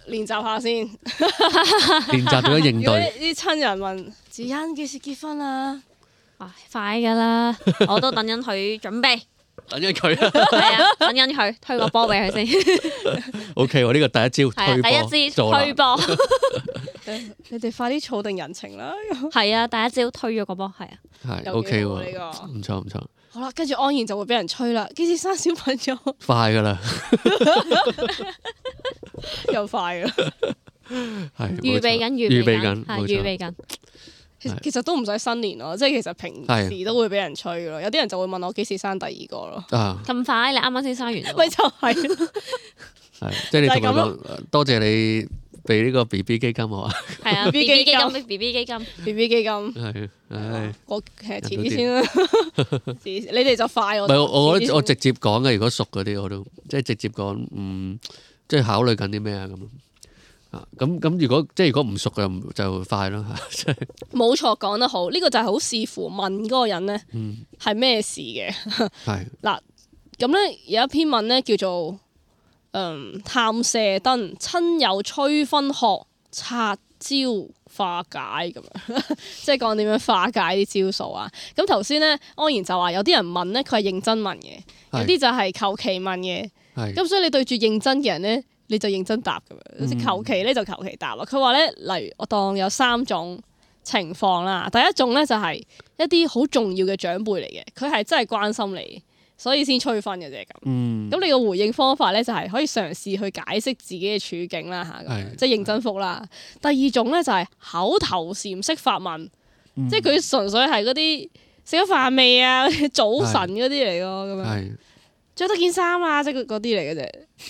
練習下先，練習點樣應對。啲親人問梓欣幾時結婚啊？快噶啦！我都等緊佢準備，等緊佢，係啊，等緊佢推個波俾佢先。O K，我呢個第一招推波，你哋快啲儲定人情啦。係啊，第一招推咗個波，係啊，係 O K 喎，呢個唔錯唔錯。好啦，跟住安然就會俾人吹啦。幾時生小朋友？快噶啦，又快噶啦，係，預備緊，預備緊，預備緊。其實都唔使新年咯，即係其實平時都會俾人催咯。是啊、有啲人就會問我幾時生第二個咯，咁、啊、快你啱啱先生完，咪 (laughs) 就係係即係你多謝你俾呢個 BB 基金我 (laughs) 啊，係啊 BB 基金 BB 基金 BB 基金係，唉我其實遲啲先啦，遲、啊啊、 (laughs) 你哋就快 (laughs) 我。我覺得我直接講嘅，如果熟嗰啲我都即係直接講，嗯，即係考慮緊啲咩啊咁。啊，咁咁如果即係如果唔熟嘅就快咯 (laughs) ，冇錯，講得好，呢、這個就係好視乎問嗰個人呢係咩事嘅。係嗱、嗯，咁咧有一篇文呢叫做，嗯、探射燈，親友吹分學，拆招化解咁樣， (laughs) 即係講點樣化解啲招數啊。咁頭先呢，安然就話有啲人問呢，佢係認真問嘅，有啲就係求其問嘅。係是，咁所以你對住認真嘅人呢。你就認真答咁樣，即求其咧就求其答咯。佢話咧，例如我當有三種情況啦，第一種咧就係一啲好重要嘅長輩嚟嘅，佢係真係關心你，所以先催婚嘅啫咁。咁、嗯、你個回應方法咧就係可以嘗試去解釋自己嘅處境啦吓，即係是的 認真覆啦。是的 第二種咧就係口頭禪式發問，嗯、即係佢純粹係嗰啲食咗飯未啊，早晨嗰啲嚟咯咁樣，着得件衫啊，即嗰啲嚟嘅啫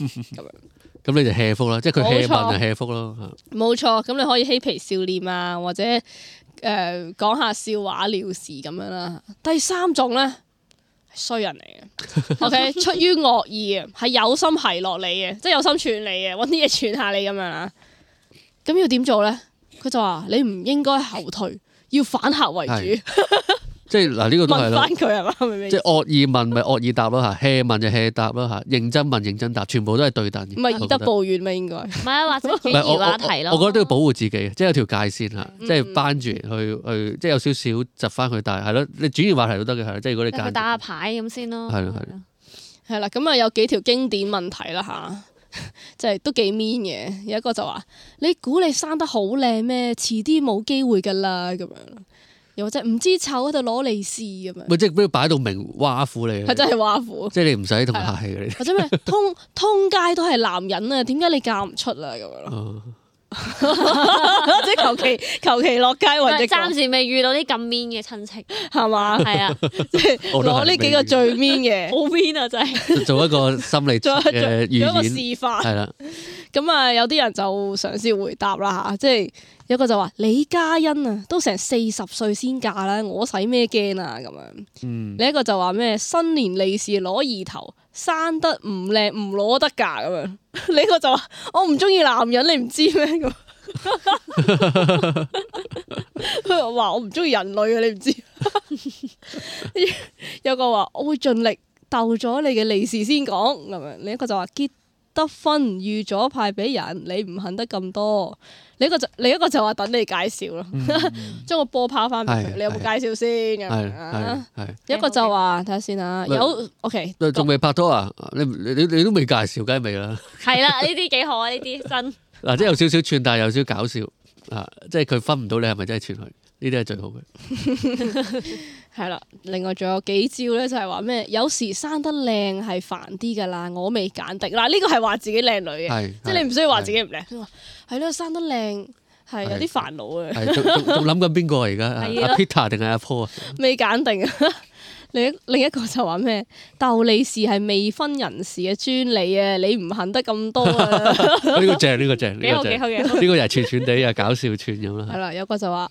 咁樣。咁你就 hea 福啦，即係佢 hea 就 hea 福咯，冇錯錯，咁、嗯、你可以嬉皮笑臉啊，或者誒講、呃、下笑話了事咁樣啦。第三種咧，衰人嚟嘅，O K，出於惡意、就是、啊，係有心奚落你嘅，即係有心串你嘅，搵啲嘢串下你咁樣。咁要點做咧？佢就話你唔應該後退，要反客為主。是 (laughs) 即係嗱，呢個都係問翻佢係嘛？即係惡意問咪惡意答咯吓，hea 問就 hea 答咯吓，認真問認真答，全部都係對答。唔係以德報怨咪應該唔係啊，或者轉移話題咯。我覺得都要保護自己，即係有條界線吓，即係扳住去去，即係有少少窒翻佢，但係係咯，你轉移話題都得嘅，係即係如果你打下牌咁先咯，係咯係係啦，咁啊有幾條經典問題啦吓，即係都幾 mean 嘅，有一個就話你估你生得好靚咩？遲啲冇機會噶啦咁樣。又或者唔知醜喺度攞利是咁樣，咪即係俾佢擺到明挖苦你，係真係挖苦，即係你唔使同佢客氣。或者咩，通通街都係男人啊，點解你嫁唔出啊咁樣咯？即係求其求其落街，或者暫時未遇到啲咁 mean 嘅親戚，係嘛？係啊，即係攞呢幾個最 mean 嘅，好 mean 啊！真係做一個心理做一個示範係啦。咁啊，有啲人就嘗試回答啦吓，即係。有個就話李嘉欣啊，都成四十歲先嫁啦，啊，我使咩驚啊？咁樣。嗯、另一個就話咩新年利是攞二頭，生得唔靚唔攞得嫁咁樣。另一個就話我唔中意男人，你唔知咩？咁佢話我唔中意人類啊，你唔知？ (laughs) 有個話我會盡力逗咗你嘅利是先講，咁樣。另一個就話結。得分預咗派俾人，你唔肯得咁多。你一個就，另一個就話等你介紹咯，將個波拋翻俾佢。唉你有冇介紹先？係係。一個就話睇下先啊，有 OK。仲未拍拖啊？你你你你都未介紹，梗係未啦。係 (laughs) 啦，呢啲幾好啊？呢啲真。嗱， (laughs) (laughs) 即係有少少串，但係有少搞笑啊！即係佢分唔到你係咪真係串佢？呢啲係最好嘅，係啦。另外仲有幾招咧，就係話咩？有時生得靚係煩啲㗎啦，我未揀定。嗱，呢個係話自己靚女嘅，即係你唔需要話自己唔靚。係咯，生得靚係有啲煩惱嘅。仲諗緊邊個而家阿 Peter 定係阿 Paul 啊？未揀定啊！另一另一個就話咩？鬥利是係未婚人士嘅專利啊！你唔肯得咁多啊！呢個正，呢個正，呢個正，呢個又係串串地啊！搞笑串咁啦。係啦，有個就話，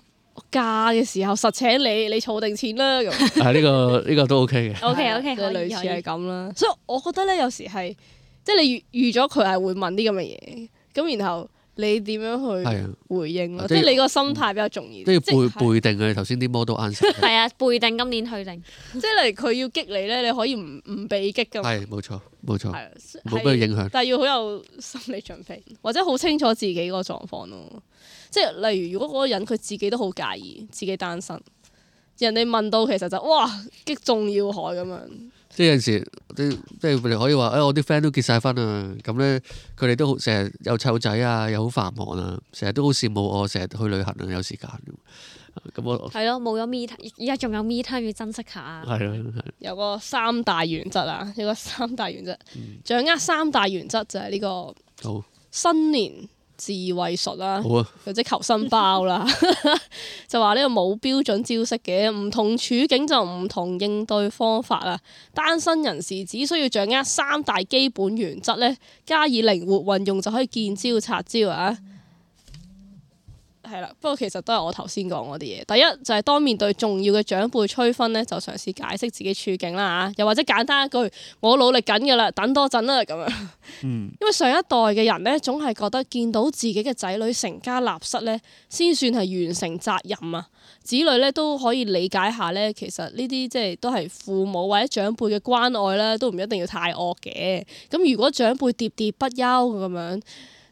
嫁嘅時候實請你，你儲定錢啦。係呢、 (laughs) 啊呢個呢、呢個都 OK 嘅。 (laughs) OK OK，即係類似係咁啦。以以所以我覺得咧，有時係即係你預預咗佢係會問啲咁嘅嘢，咁然後你點樣去回應咯？的即係你個心態比較重要。都要背背定佢，頭先啲 model answer。係啊， (laughs) 背定今年去定， (laughs) 即係嚟佢要激你咧，你可以唔唔俾激噶嘛？係，冇錯冇錯，唔好俾佢影響。的的但係要好有心理準備， (laughs) 或者好清楚自己個狀況咯。即係例如，如果嗰個人佢自己都好介意自己單身，人哋問到其實就哇擊中要害咁樣。有陣時即係即係可以話，誒、哎、我啲 friend 都結晒婚啊，咁咧佢哋都成日又湊仔啊，又好繁忙啊，成日都好羨慕我，成日去旅行啊，有時間咁。係咯，冇咗 me time，而家仲有 me time 要珍惜下。係咯，有個三大原則啊，有個三大原則，掌握三大原則就係呢個。好。新年。自衛術啦、啊，或者、啊、求生包啦、啊， (laughs) (laughs) 就話呢個冇標準招式嘅，唔同處境就唔同應對方法啦。單身人士只需要掌握三大基本原則咧，加以靈活運用就可以見招拆招啊！係啦，不過其實都係我頭先講嗰啲嘢。第一就係、是、當面對重要嘅長輩催婚呢，就嘗試解釋自己處境啦嚇，又或者簡單一句我努力緊嘅啦，等多陣啦咁樣。嗯、因為上一代嘅人呢，總係覺得見到自己嘅仔女成家立室呢，先算係完成責任啊。子女呢，都可以理解下呢，其實呢啲即係都係父母或者長輩嘅關愛啦，都唔一定要太惡嘅。咁如果長輩喋喋喋不休咁樣。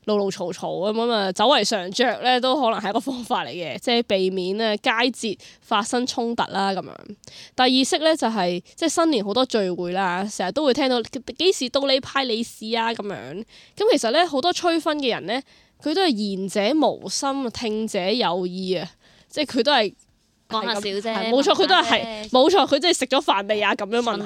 路路嘈嘈咁啊，走為上着，咧，都可能係一個方法嚟嘅，即係避免咧佳節發生衝突啦咁樣。第二式咧就係即係新年好多聚會啦，成日都會聽到幾時到你派利是啊咁樣。咁其實咧好多催婚嘅人咧，佢都係言者無心，聽者有意啊，即係佢都係講下笑啫，冇錯，佢都係冇錯，佢即係食咗飯未啊咁樣問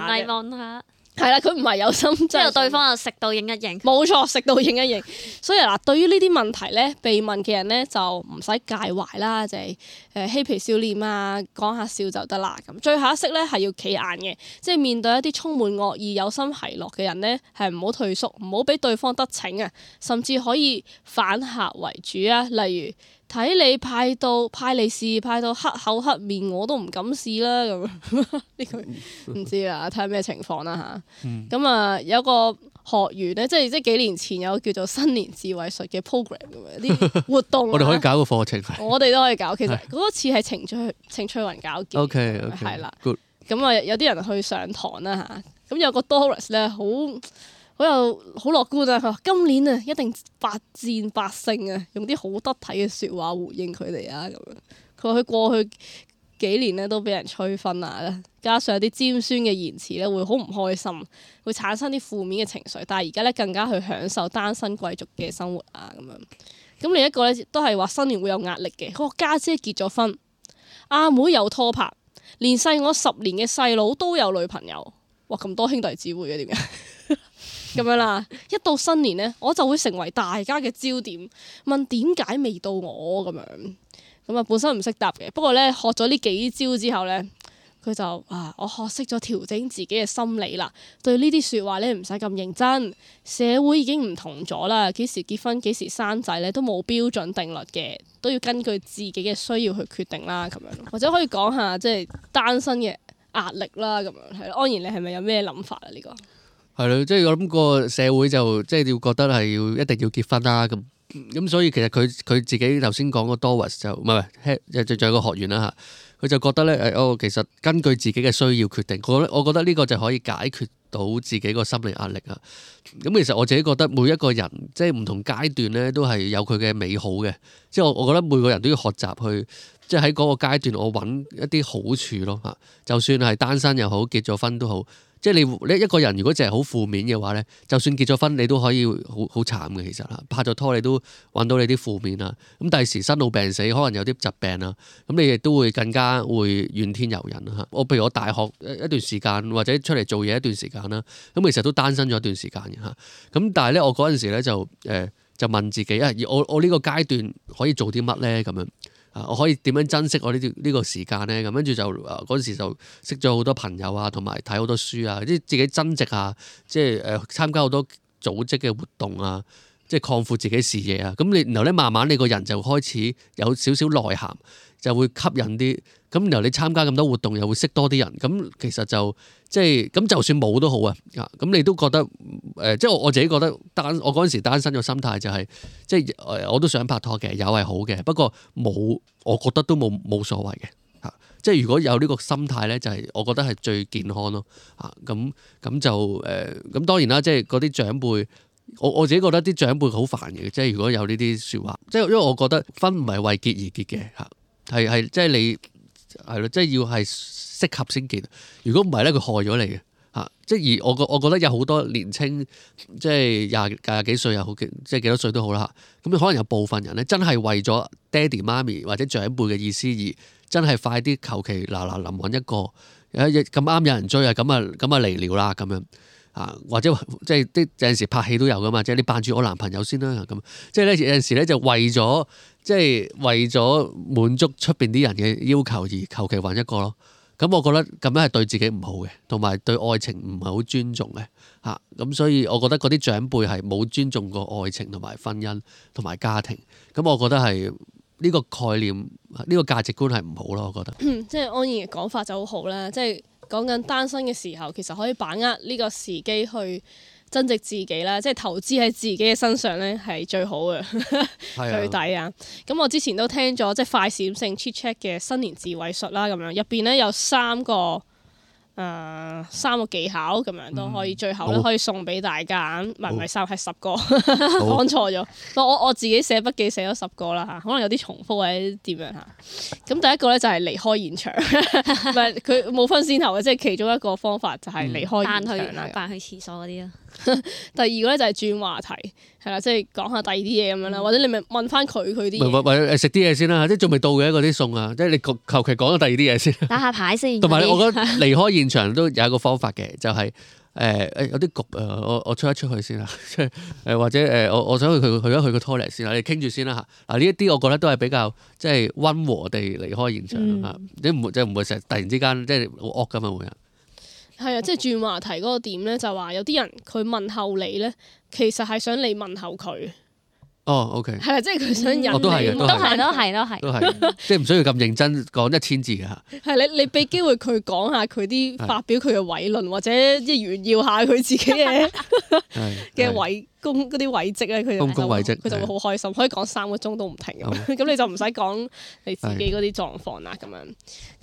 下。係啦，佢唔係有心，即係對方又食到應一應。冇錯，食到應一應。 (laughs) 所以嗱，對於呢啲問題咧，被問嘅人咧就唔使介懷啦，就係誒嬉皮笑臉啊，講下笑就得啦。咁最後一式咧係要企硬嘅，即係面對一啲充滿惡意、有心奚落嘅人咧，係唔好退縮，唔好俾對方得逞啊，甚至可以反客為主啊，例如。睇你派到派利是，派到黑口黑面，我都唔敢試啦咁。呢句唔知啊，睇下咩情況啦吓，咁啊、嗯、有個學員咧，即係即係幾年前有叫做新年自衛術嘅 program 咁樣啲活動。 (laughs) 我哋可以搞個課程。我哋都可以搞，其實嗰次係程翠程翠雲搞嘅。OK OK 係啦。咁啊 good. 有啲人去上堂啦吓，咁有個 Doris 咧好。好又好樂觀啊！佢話今年啊，一定百戰百勝啊，用啲好得體嘅説話回應佢哋啊。咁樣佢話佢過去幾年咧都俾人催婚啊，加上一啲尖酸嘅言辭咧，會好唔開心，會產生啲負面嘅情緒。但係而家咧更加去享受單身貴族嘅生活啊。咁樣咁另一個咧都係話新年會有壓力嘅。佢話家姐結咗婚，阿妹有拖拍，連細我十年嘅細佬都有女朋友。哇！咁多兄弟姊妹嘅點解？咁樣啦， (laughs) 一到新年呢，我就會成為大家嘅焦點，問點解未到我咁樣？咁啊，本身唔識答嘅，不過呢，學咗呢幾招之後呢，佢就啊，我學識咗調整自己嘅心理啦。對呢啲説話呢，唔使咁認真。社會已經唔同咗啦，幾時結婚幾時生仔呢，都冇標準定律嘅，都要根據自己嘅需要去決定啦。咁樣或者可以講下即係單身嘅壓力啦，咁樣係咯。安然，你是是，你係咪有咩諗法啊？呢個係咯，即係我諗個社會就即係要覺得係要一定要結婚啦咁，咁所以其實佢佢自己頭先講個 Doris 就唔係，又仲有個學員啦吓，佢就覺得咧誒哦，其實根據自己嘅需要決定，我我覺得呢個就可以解決到自己個心理壓力啊。咁其實我自己覺得每一個人即係唔同階段咧都係有佢嘅美好嘅，即係我我覺得每個人都要學習去，即係喺嗰個階段我揾一啲好處咯吓，就算係單身又好，結咗婚都好。即係你一一個人，如果淨係好負面嘅話呢，就算結咗婚，你都可以好好慘嘅。其實拍咗拖你都揾到你啲負面啦。咁第時生老病死，可能有啲疾病啦。咁、嗯、你亦都會更加會怨天尤人嚇。我、嗯、譬如我大學一段時間，或者出嚟做嘢一段時間啦。咁、嗯、其實都單身咗一段時間嘅，咁但係呢，我嗰陣時咧就誒、呃、就問自己啊，「我我呢個階段可以做啲乜呢？」咁樣。啊！我可以點樣珍惜我呢呢個時間呢？咁跟住就嗰陣時就識咗好多朋友啊，同埋睇好多書啊，即係自己增值啊，即係誒參加好多組織嘅活動啊，即係擴闊自己視野啊。咁你然後呢，慢慢你個人就開始有少少內涵，就會吸引啲。咁然後你參加咁多活動，又會識多啲人。咁其實就即係咁，就算冇都好啊。咁你都覺得誒、呃，即係我自己覺得單我嗰陣時單身嘅心態就係、是、即係誒，我都想拍拖嘅，有係好嘅。不過冇，我覺得都冇冇所謂嘅嚇。即係如果有呢個心態咧，就係、是、我覺得係最健康咯。啊，咁咁就誒，咁、啊啊、當然啦，即係嗰啲長輩，我我自己覺得啲長輩好煩嘅。即係如果有呢啲説話，即係因為我覺得婚唔係為結而結嘅嚇，係係即係你。係咯，即係要係適合先結。如果唔係咧，佢害咗你嘅吓。即係而我個，我覺得有好多年青，即係廿廿幾歲又好，即係幾多歲都好啦。咁你可能有部分人咧，真係為咗爹哋媽咪或者長輩嘅意思而真係快啲求其嗱嗱臨揾一個，誒，咁啱有人追啊，咁啊咁啊嚟了啦，咁樣。啊，或者即係啲有陣時拍戲都有噶嘛，即係你扮住我男朋友先啦咁，即係咧有陣時咧就為咗即係為咗滿足出邊啲人嘅要求而求其揾一個咯。咁我覺得咁樣係對自己唔好嘅，同埋對愛情唔係好尊重嘅。吓，咁所以我覺得嗰啲長輩係冇尊重過愛情同埋婚姻同埋家庭。咁我覺得係呢個概念呢個價值觀係唔好咯。我覺得即係安然嘅講法就好好啦，即係。講緊單身嘅時候，其實可以把握呢個時機去增值自己啦，即係投資喺自己嘅身上咧係最好嘅，是的 (laughs) 最抵啊！咁我之前都聽咗即係快閃性 che check check 嘅新年智慧術啦，咁樣入邊咧有三個。誒、呃、三個技巧咁樣都可以，嗯、最後咧可以送俾大家。唔係唔係三係十個，講好 (laughs) 錯咗了。好我我自己寫筆記寫咗十個啦嚇，可能有啲重複或者點樣嚇。咁第一個咧就係離開現場，唔係佢冇分先後嘅，即係其中一個方法就係離開現場，嗯、扮去，扮去廁所啲咯。 (laughs) 第二個咧就係轉話題，係啦，即係講下第二啲嘢咁樣啦，或者你咪問翻佢佢啲，為食啲嘢先啦，即仲未到嘅嗰啲餸啊，即係你求其講下第二啲嘢先，打下牌先。同埋我覺得離開現場都有一個方法嘅，就係、是、誒、欸、有啲局啊，我我出一出去先啊，誒或者誒我我想去去咗去個 toilet 先啊，你傾住先啦嚇。嗱呢一啲我覺得都係比較即係溫和地離開現場，你唔、嗯、即唔會成突然之間即係好惡㗎嘛會係啊，即係轉話題嗰個點咧，就話有啲人佢問候你咧，其實係想你問候佢。哦、oh，OK。係啦，即係佢想引你。我都係咯，係咯，係。都係。即係唔需要咁認真講一千字嘅吓。係你你俾機會佢講下佢啲發表佢嘅偉論，的或者即係炫耀一下佢自己嘅嘅偉。公嗰啲位置咧，佢就佢就會好開心，是可以講三個鐘都唔停咁。咁好 (laughs) 你就唔使講你自己嗰啲狀況啦，咁樣是。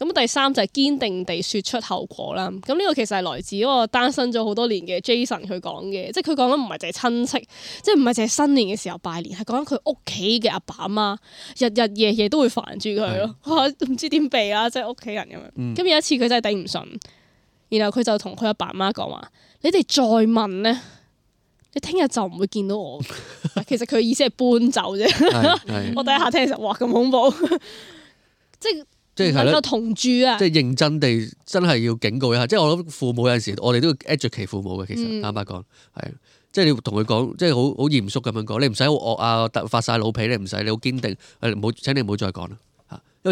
咁第三就係堅定地説出後果啦。咁呢個其實係來自嗰個單身咗好多年嘅 Jason 佢講嘅，即係佢講緊唔係淨係親戚，即係唔係淨係新年嘅時候拜年，係講緊佢屋企嘅阿爸阿媽日日夜夜都會煩住佢咯。嚇是，唔知點避啊！即係屋企人咁樣。咁、嗯、有一次佢真係頂唔順，然後佢就同佢阿爸阿媽講話：你哋再問咧？你聽日就唔會見到我， (laughs) 其實佢意思係搬走啫。我第一下聽嘅時候，哇咁恐怖， (laughs) 即係能夠同住啊！即係認真地，真係要警告一下。即係我諗父母有陣時，我哋都要 educate 其父母嘅。其實、嗯、坦白講，係即係你同佢講，即係好好嚴肅咁樣講，你唔使好惡啊，發晒老脾，你唔使你好堅定，誒，好，請你唔好再講啦。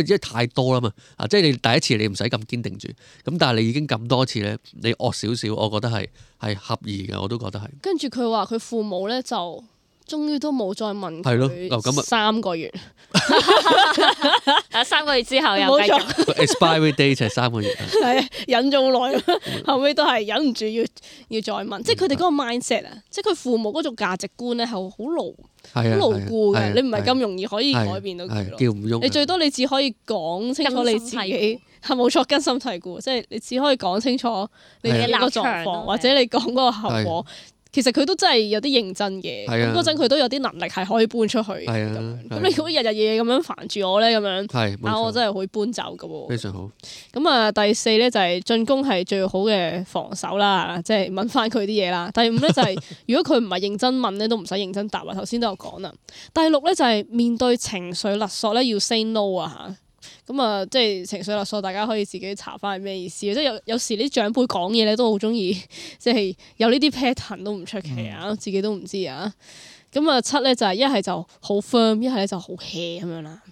因為太多啦嘛，啊，即係你第一次你唔使咁堅定住，咁但係你已經咁多次咧，你惡少少，我覺得係係合宜嘅，我都覺得係。跟住佢話佢父母咧就。終於都冇再問佢。係咯，咁三個月，啊三個月之後又繼續。expire day 就係三個月。係忍咗好耐咯，後尾都係忍唔住要要再問，即係佢哋嗰個 mindset 啊，即係佢父母嗰種價值觀咧係好牢、好牢固嘅，你唔係咁容易可以改變到佢咯。叫唔郁？你最多你只可以講清楚你自己係冇錯，根深蒂固，即係你只可以講清楚你嘅狀況，或者你講嗰個後果。其實佢都真係有啲認真嘅，咁嗰陣佢都有啲能力係可以搬出去咁，你如果日日夜夜咁樣煩住我咧，咁樣的，啊，錯我真係會搬走嘅喎。非常好。咁啊，第四咧就係進攻係最好嘅防守啦，即係問翻佢啲嘢啦。 (laughs) 第五咧就係如果佢唔係認真問咧，都唔使認真答啊。頭先都有講啦。第六咧就係面對情緒勒索咧，要 say no 啊嚇。咁啊，即係、嗯、情緒勒索，大家可以自己查翻係咩意思。即係有有時啲長輩講嘢咧都好中意，即係有呢啲 pattern 都唔出奇啊，嗯、自己都唔知啊。咁、嗯、啊，七咧就係一係就好 firm，一係咧就好 hea 咁樣啦。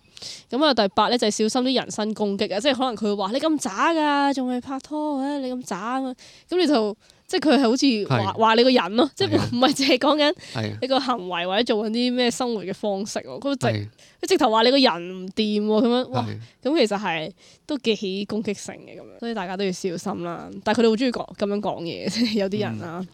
咁、嗯、啊，第八咧就係、是、小心啲人身攻擊啊！即係可能佢會話你咁渣㗎，仲未拍拖、啊，唉，你咁渣啊！咁你就～即係佢係好似話話你個人咯，的即係唔係淨係講緊你個行為的或者做緊啲咩生活嘅方式，佢的直佢的直頭話你個人唔掂喎咁樣，哇！咁的其實係都幾起攻擊性嘅咁樣，所以大家都要小心啦。但係佢哋好中意講咁樣講嘢，有啲人啦、啊。嗯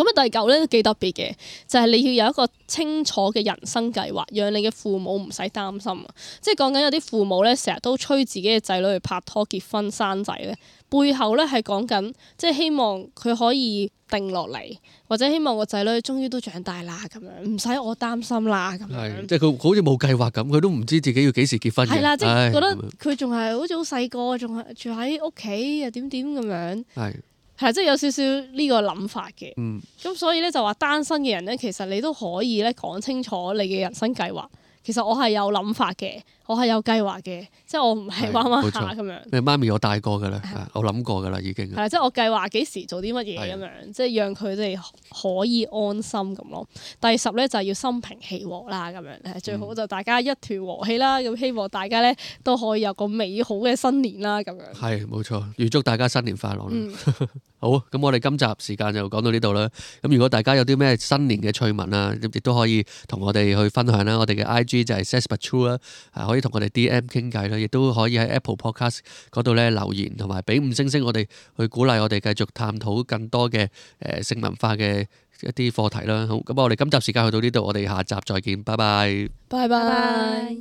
咁啊，第九咧都幾特別嘅，就係你要有一個清楚嘅人生計劃，讓你嘅父母唔使擔心。即係講緊有啲父母咧，成日都催自己嘅仔女去拍拖、結婚、生仔咧，背後咧係講緊，即係希望佢可以定落嚟，或者希望個仔女終於都長大啦，咁樣唔使我擔心啦，咁樣。係，即係佢好似冇計劃咁，佢都唔知自己要幾時結婚嘅。係啦的，唉即係覺得佢仲係好似好細個，仲係住喺屋企又點點咁樣。係。係，即係有少少呢個諗法嘅。咁、嗯、所以咧就話單身嘅人咧，其實你都可以咧講清楚你嘅人生計劃。其實我係有諗法嘅。我係有計劃嘅，即係我唔係玩玩下咁樣。你媽咪我帶過噶啦，的我諗過噶啦已經。係，的即係我計劃幾時做啲乜嘢咁樣，即係的讓佢哋可以安心咁咯。第十咧就係要心平氣和啦，咁樣最好就大家一團和氣啦。咁希望大家咧都可以有個美好嘅新年啦，咁樣。係，冇錯，預祝大家新年快樂、嗯、 (laughs) 好，咁我哋今集時間就講到呢度啦。咁如果大家有啲咩新年嘅趣聞啊，亦都可以同我哋去分享啦。我哋嘅 I G 就係 Sex But True 同我哋 D.M. 傾偈啦，亦都可以喺 Apple Podcast 嗰度咧留言，同埋俾五星星我哋去鼓勵我哋繼續探討更多嘅誒，性文化嘅一啲課題啦。好，咁我哋今集時間去到呢度，我哋下集再見，拜拜，拜拜。